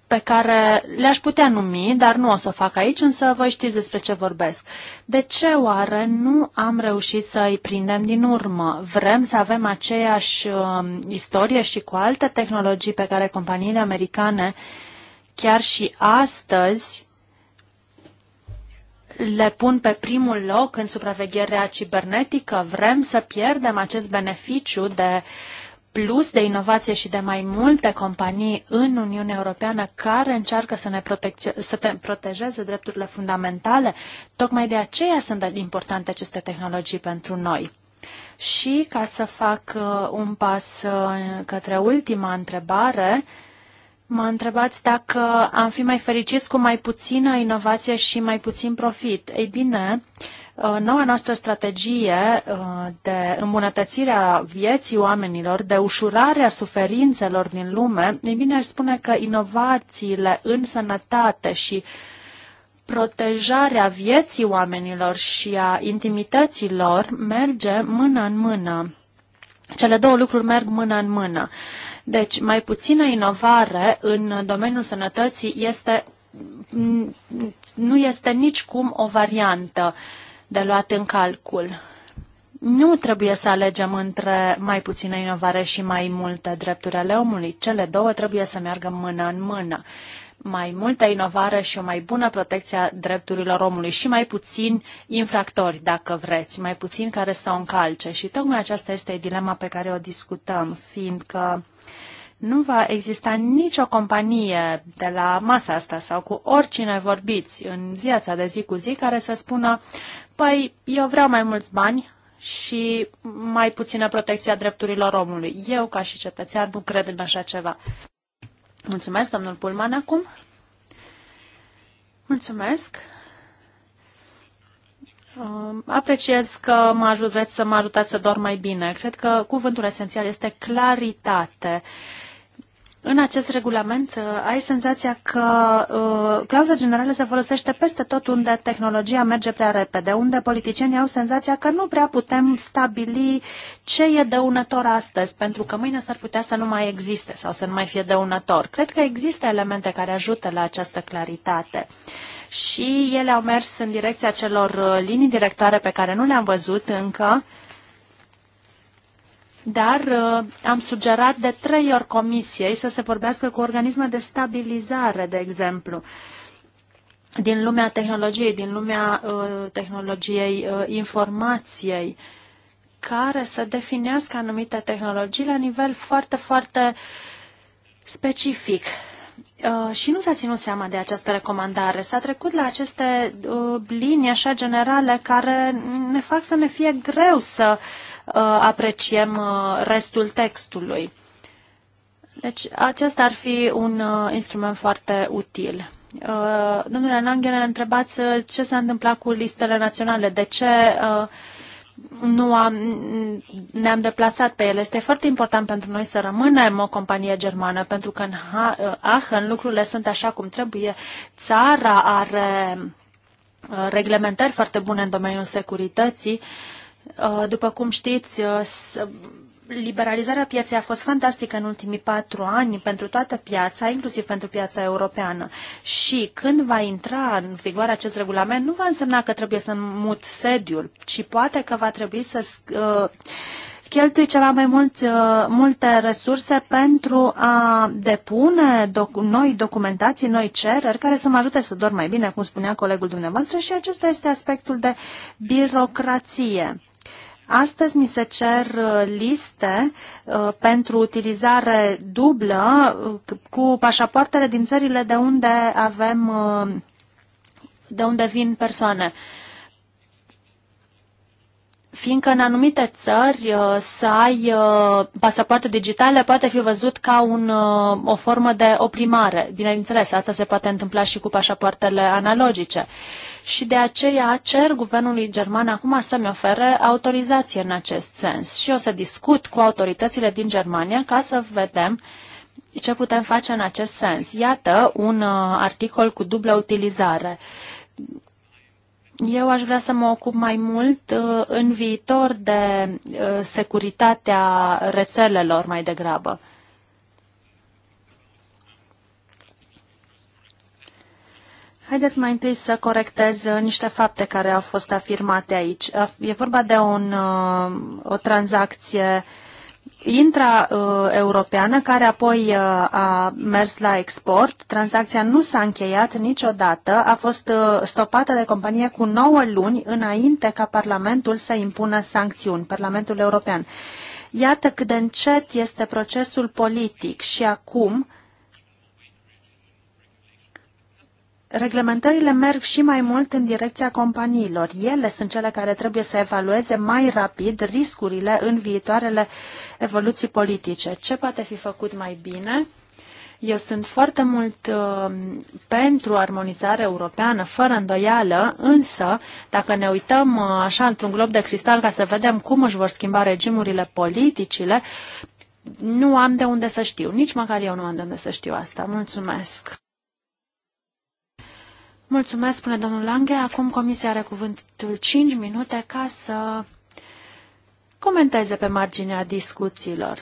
pe care le-aș putea numi, dar nu o să o fac aici, însă voi știți despre ce vorbesc. De ce oare nu am reușit să îi prindem din urmă? Vrem să avem aceeași uh, istorie și cu alte tehnologii pe care companiile americane chiar și astăzi le pun pe primul loc în supravegherea cibernetică? Vrem să pierdem acest beneficiu de plus de inovație și de mai multe companii în Uniunea Europeană care încearcă să ne să te protejeze drepturile fundamentale. Tocmai de aceea sunt importante aceste tehnologii pentru noi. Și ca să fac uh, un pas uh, către ultima întrebare, uh, Mă întrebați dacă am fi mai fericiți cu mai puțină inovație și mai puțin profit. Ei bine, uh, noua noastră strategie uh, de îmbunătățire a vieții oamenilor, de ușurarea suferințelor din lume, ei bine, aș spune că inovațiile în sănătate și protejarea vieții oamenilor și a intimităților merge mână în mână. Cele două lucruri merg mână în mână. Deci, mai puțină inovare în domeniul sănătății este, nu este nicicum o variantă de luat în calcul. Nu trebuie să alegem între mai puțină inovare și mai multe drepturi ale omului. Cele două trebuie să meargă mână în mână. Mai multă inovare și o mai bună protecție a drepturilor omului și mai puțin infractori, dacă vreți, mai puțin care să o încalce. Și tocmai aceasta este dilema pe care o discutăm, fiindcă uh, nu va exista nicio companie de la masa asta sau cu oricine vorbiți în viața de zi cu zi care să spună, păi, eu vreau mai mulți bani și mai puțină protecția drepturilor omului. Eu, ca și cetățean, nu cred în așa ceva. Mulțumesc, domnul Pulman, acum. Mulțumesc. Um, apreciez că mă ajut, vreți să mă ajutați să dorm mai bine. Cred că cuvântul esențial este claritate în acest regulament uh, ai senzația că uh, clauza generală se folosește peste tot unde tehnologia merge prea repede, unde politicienii au senzația că nu prea putem stabili ce e dăunător astăzi, pentru că mâine s-ar putea să nu mai existe sau să nu mai fie dăunător. Cred că există elemente care ajută la această claritate și ele au mers în direcția celor uh, linii directoare pe care nu le-am văzut încă, dar uh, am sugerat de trei ori comisiei să se vorbească cu organisme de stabilizare, de exemplu, din lumea tehnologiei, din lumea uh, tehnologiei uh, informației, care să definească anumite tehnologii la nivel foarte, foarte specific. Uh, și nu s-a ținut seama de această recomandare. S-a trecut la aceste uh, linii așa generale care ne fac să ne fie greu să uh, Uh, apreciem uh, restul textului. Deci acesta ar fi un uh, instrument foarte util. Domnule Nanghele, întrebați ce s-a întâmplat cu listele naționale, de ce nu am, ne-am deplasat pe ele. Este foarte important pentru noi să rămânem o companie germană, pentru că în Aachen lucrurile sunt așa cum trebuie. Țara are reglementări foarte bune în domeniul securității. Uh, Uh, după cum știți, uh, liberalizarea pieței a fost fantastică în ultimii patru ani pentru toată piața, inclusiv pentru piața europeană. Și când va intra în vigoare acest regulament, nu va însemna că trebuie să mut sediul, ci poate că va trebui să uh, cheltui ceva mai mulți, multe resurse pentru a depune doc noi documentații, noi cereri care să mă ajute să dorm mai bine, cum spunea colegul dumneavoastră, și acesta este aspectul de birocrație Astăzi mi se cer uh, liste uh, pentru utilizare dublă uh, cu pașapoartele din țările de unde avem de unde vin persoane fiindcă în anumite țări uh, să ai uh, pasapoarte digitale poate fi văzut ca un, uh, o formă de oprimare. Bineînțeles, asta se poate întâmpla și cu pașapoartele analogice. Și de aceea cer guvernului german acum să-mi ofere autorizație în acest sens. Și o să discut cu autoritățile din Germania ca să vedem ce putem face în acest sens. Iată un articol cu dublă utilizare eu aș vrea să mă ocup mai mult uh, în viitor de uh, securitatea rețelelor mai degrabă. Haideți mai întâi să corectez uh, niște fapte care au fost afirmate aici. E vorba de un, o tranzacție uh, intra-europeană care apoi uh, a mers la export. Tranzacția nu s-a încheiat niciodată, a fost uh, stopată de companie cu 9 luni înainte ca Parlamentul să impună sancțiuni, Parlamentul European. Iată cât de încet este procesul politic și acum uh, reglementările merg și mai mult în direcția companiilor. Ele sunt cele care trebuie să evalueze mai rapid riscurile în viitoarele evoluții politice. Ce poate fi făcut mai bine? Eu sunt foarte mult uh, pentru armonizare europeană, fără îndoială, însă, dacă ne uităm uh, așa într-un glob de cristal ca să vedem cum își vor schimba regimurile politicile, nu am de unde să știu. Nici măcar eu nu am de unde să știu asta. Mulțumesc! Mulțumesc, spune domnul Lange. Acum comisia are cuvântul 5 minute ca să comenteze pe marginea discuțiilor.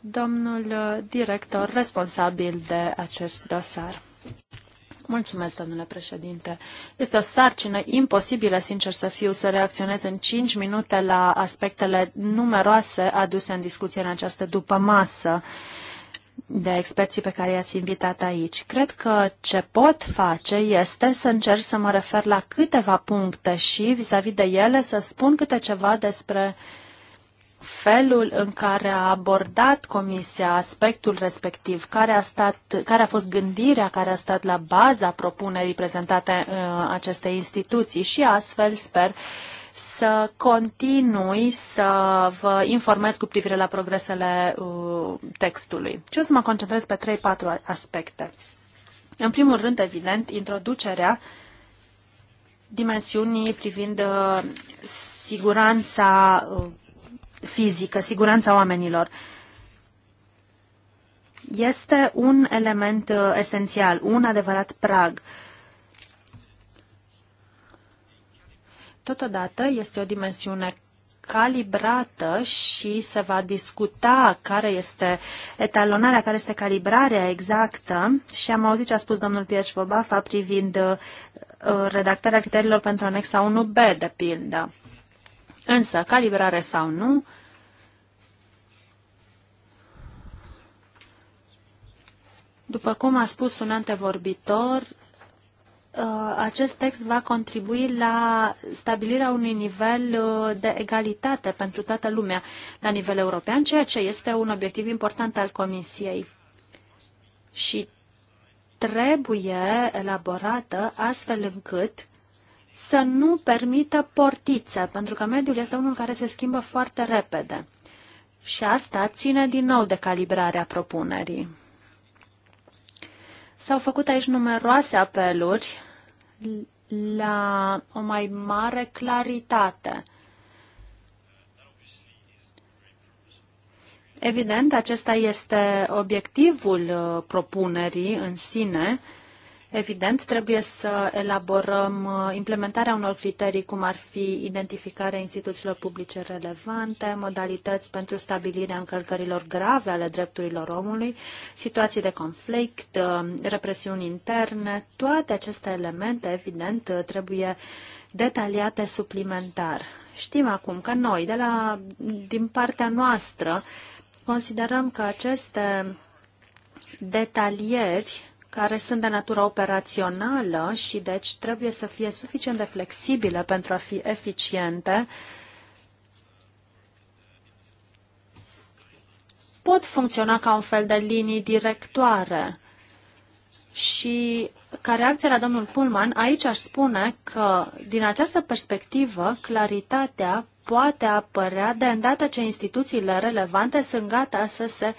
Domnul director responsabil de acest dosar. Mulțumesc, domnule președinte. Este o sarcină imposibilă, sincer să fiu, să reacționez în 5 minute la aspectele numeroase aduse în discuție în această după masă. Uh, de experții pe care i-ați invitat aici. Cred că ce pot face este să încerc să mă refer la câteva puncte și vis-a-vis -vis de ele să spun câte ceva despre felul în care a abordat Comisia aspectul respectiv, care a, stat, care a fost gândirea care a stat la baza propunerii prezentate uh, acestei instituții și astfel sper să continui să vă informez cu privire la progresele uh, textului. Și o să mă concentrez pe 3-4 aspecte. În primul rând, evident, introducerea dimensiunii privind uh, siguranța uh, fizică, siguranța oamenilor. Este un element esențial, un adevărat prag. Uh, Totodată este o dimensiune calibrată și se va discuta care este etalonarea, care este calibrarea exactă și am auzit ce a spus domnul Pierș Bobafa privind uh, redactarea criteriilor pentru anexa 1B, de pildă. Însă, calibrare sau nu, după cum a spus un antevorbitor, Uh, acest text va contribui la stabilirea unui nivel uh, de egalitate pentru toată lumea la nivel european, ceea ce este un obiectiv important al Comisiei. Și trebuie elaborată astfel încât să nu permită portiță, pentru că mediul este unul care se schimbă foarte repede. Și asta ține din nou de calibrarea propunerii. S-au făcut aici numeroase apeluri la o mai mare claritate. Evident, acesta este obiectivul uh, propunerii în sine, Evident, trebuie să elaborăm uh, implementarea unor criterii, cum ar fi identificarea instituțiilor publice relevante, modalități pentru stabilirea încălcărilor grave ale drepturilor omului, situații de conflict, uh, represiuni interne. Toate aceste elemente, evident, uh, trebuie detaliate suplimentar. Știm acum că noi, de la, din partea noastră, considerăm că aceste detalieri care sunt de natură operațională și deci trebuie să fie suficient de flexibile pentru a fi eficiente, pot funcționa ca un fel de linii directoare și ca reacție la domnul Pullman, aici aș spune că, din această perspectivă, claritatea poate apărea de îndată ce instituțiile relevante sunt gata să se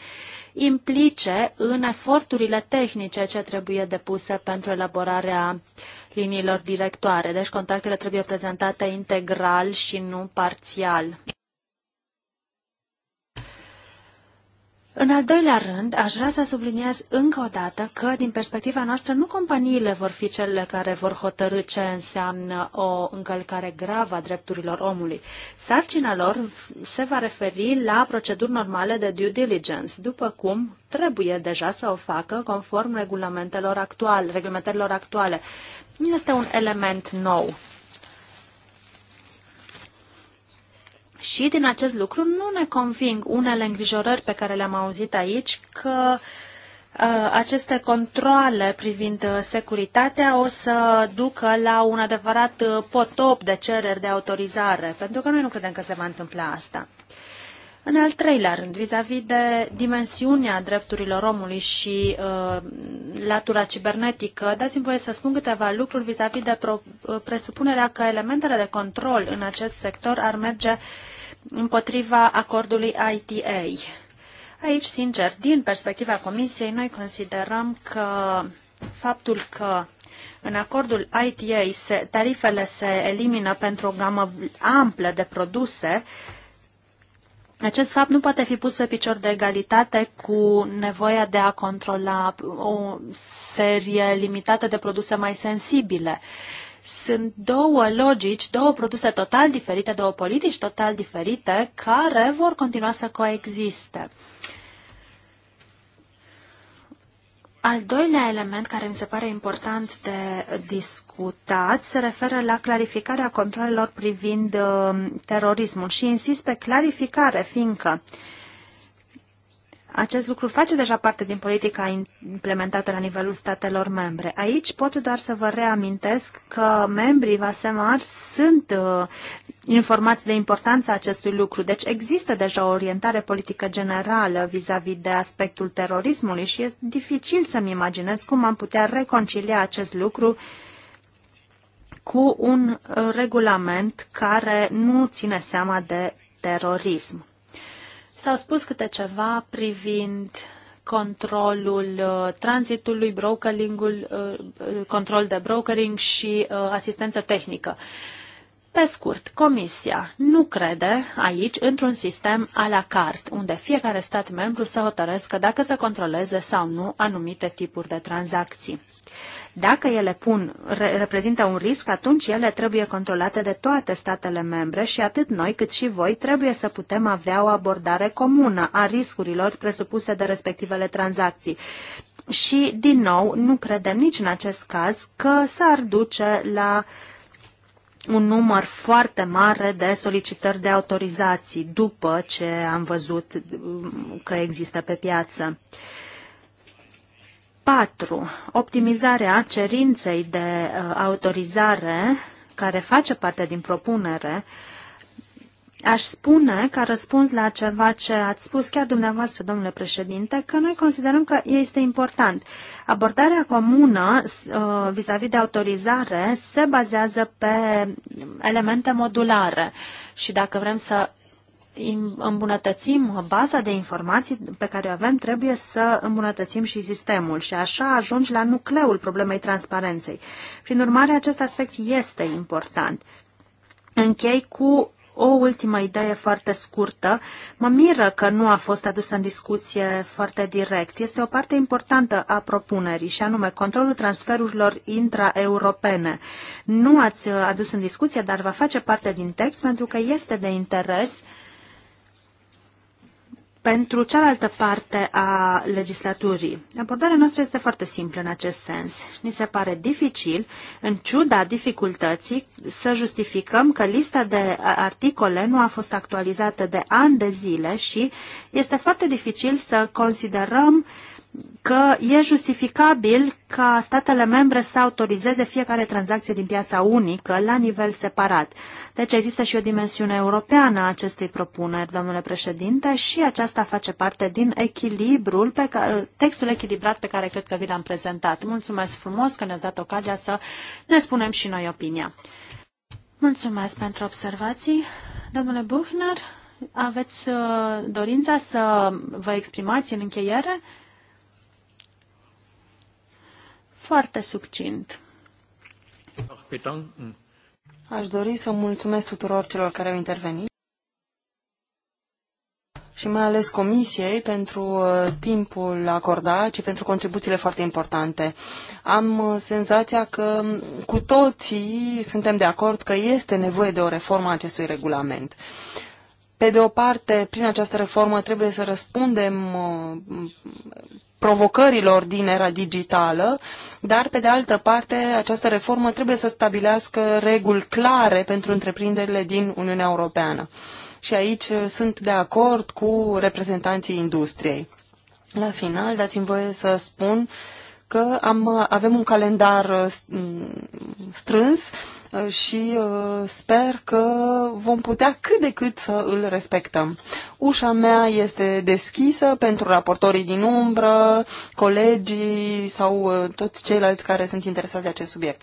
implice în eforturile tehnice ce trebuie depuse pentru elaborarea liniilor directoare. Deci contactele trebuie prezentate integral și nu parțial. În al doilea rând, aș vrea să subliniez încă o dată că, din perspectiva noastră, nu companiile vor fi cele care vor hotărâ ce înseamnă o încălcare gravă a drepturilor omului. Sarcina lor se va referi la proceduri normale de due diligence, după cum trebuie deja să o facă conform regulamentelor actuale, reglementărilor actuale. Nu este un element nou. Și din acest lucru nu ne conving unele îngrijorări pe care le-am auzit aici că uh, aceste controle privind uh, securitatea o să ducă la un adevărat uh, potop de cereri de autorizare, pentru că noi nu credem că se va întâmpla asta. În al treilea rând, vis-a-vis -vis de dimensiunea drepturilor omului și uh, latura cibernetică, dați-mi voie să spun câteva lucruri vis-a-vis -vis de pro, presupunerea că elementele de control în acest sector ar merge uh, împotriva acordului ITA. Aici, sincer, din perspectiva Comisiei, noi considerăm că faptul că în acordul ITA se, tarifele se elimină pentru o gamă amplă de produse, acest fapt nu poate fi pus pe picior de egalitate cu nevoia de a controla o serie limitată de produse mai sensibile. Uh, sunt două logici, două produse total diferite, două politici total diferite, care vor continua să coexiste. Al doilea element care mi se pare important de discutat se referă la clarificarea controlelor privind uh, terorismul și insist pe clarificare, fiindcă uh, acest lucru face deja parte din politica implementată la nivelul statelor membre. Aici pot doar să vă reamintesc că membrii VASEMAR sunt uh, informați de importanța acestui lucru. Deci există deja o orientare politică generală vis-a-vis -vis de aspectul terorismului și este dificil să-mi imaginez cum am putea reconcilia acest lucru cu un uh, regulament care nu ține seama de terorism. S-au spus câte ceva privind controlul uh, tranzitului, brokeringul, uh, uh, control de brokering și asistență tehnică. Pe scurt, Comisia nu crede aici într-un sistem a la carte, unde fiecare stat membru să hotărăscă dacă să controleze sau nu anumite tipuri de tranzacții. Dacă ele pun, re, reprezintă un risc, atunci ele trebuie controlate de toate statele membre și atât noi cât și voi trebuie să putem avea o abordare comună a riscurilor presupuse de respectivele tranzacții. Și, din nou, nu credem nici în acest caz că s-ar duce la un număr foarte mare de solicitări de autorizații după ce am văzut um, că există pe piață. Uh, 4. Optimizarea cerinței de uh, autorizare care face parte din propunere Aș spune, ca răspuns la ceva ce ați spus chiar dumneavoastră, domnule președinte, că noi considerăm că este important. Abordarea comună uh, vis-a-vis -vis de autorizare se bazează pe elemente modulare și dacă vrem să îmbunătățim baza de informații pe care o avem, trebuie să îmbunătățim și sistemul și așa ajungi la nucleul problemei transparenței. Prin urmare, acest aspect este important. Închei cu o ultimă idee foarte scurtă. Mă miră că nu a fost adusă în discuție foarte direct. Este o parte importantă a propunerii și anume controlul transferurilor intraeuropene. Nu ați adus în discuție, dar va face parte din text pentru că este de interes uh, pentru cealaltă parte a legislaturii. Abordarea noastră este foarte simplă în acest sens. Ni se pare dificil, în ciuda dificultății, să justificăm că lista de articole nu a fost actualizată de ani de zile și este foarte dificil să considerăm uh, că e justificabil ca statele membre să autorizeze fiecare tranzacție din piața unică la nivel separat. Deci există și o dimensiune europeană a acestei propuneri, domnule președinte, și aceasta face parte din echilibrul pe care, textul echilibrat pe care cred că vi l-am prezentat. Mulțumesc frumos că ne-ați dat ocazia să ne spunem și noi opinia. Mulțumesc pentru observații. Domnule Buchner, aveți uh, dorința să vă exprimați în încheiere? foarte succint. Aș dori să mulțumesc tuturor celor care au intervenit și mai ales Comisiei pentru uh, timpul acordat și pentru contribuțiile foarte importante. Am uh, senzația că cu toții suntem de acord că este nevoie de o reformă a acestui regulament. Pe de o parte, prin această reformă trebuie să răspundem uh, provocărilor din era digitală, dar, pe de altă parte, această reformă trebuie să stabilească reguli clare pentru întreprinderile din Uniunea Europeană. Și aici sunt de acord cu reprezentanții industriei. La final, dați-mi voie să spun uh, că am, avem un calendar uh, mm, strâns uh, și uh, sper că vom putea cât de cât să îl respectăm. Ușa mea este deschisă pentru raportorii din umbră, colegii sau toți ceilalți care sunt interesați de acest subiect.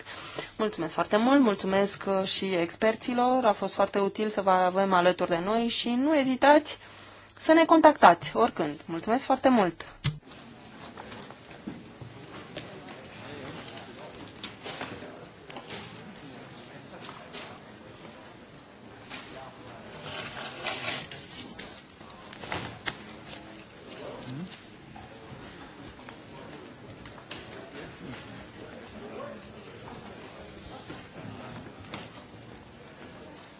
Mulțumesc foarte mult, mulțumesc și experților, a fost foarte util să vă avem alături de noi și nu ezitați să ne contactați oricând. Mulțumesc foarte mult!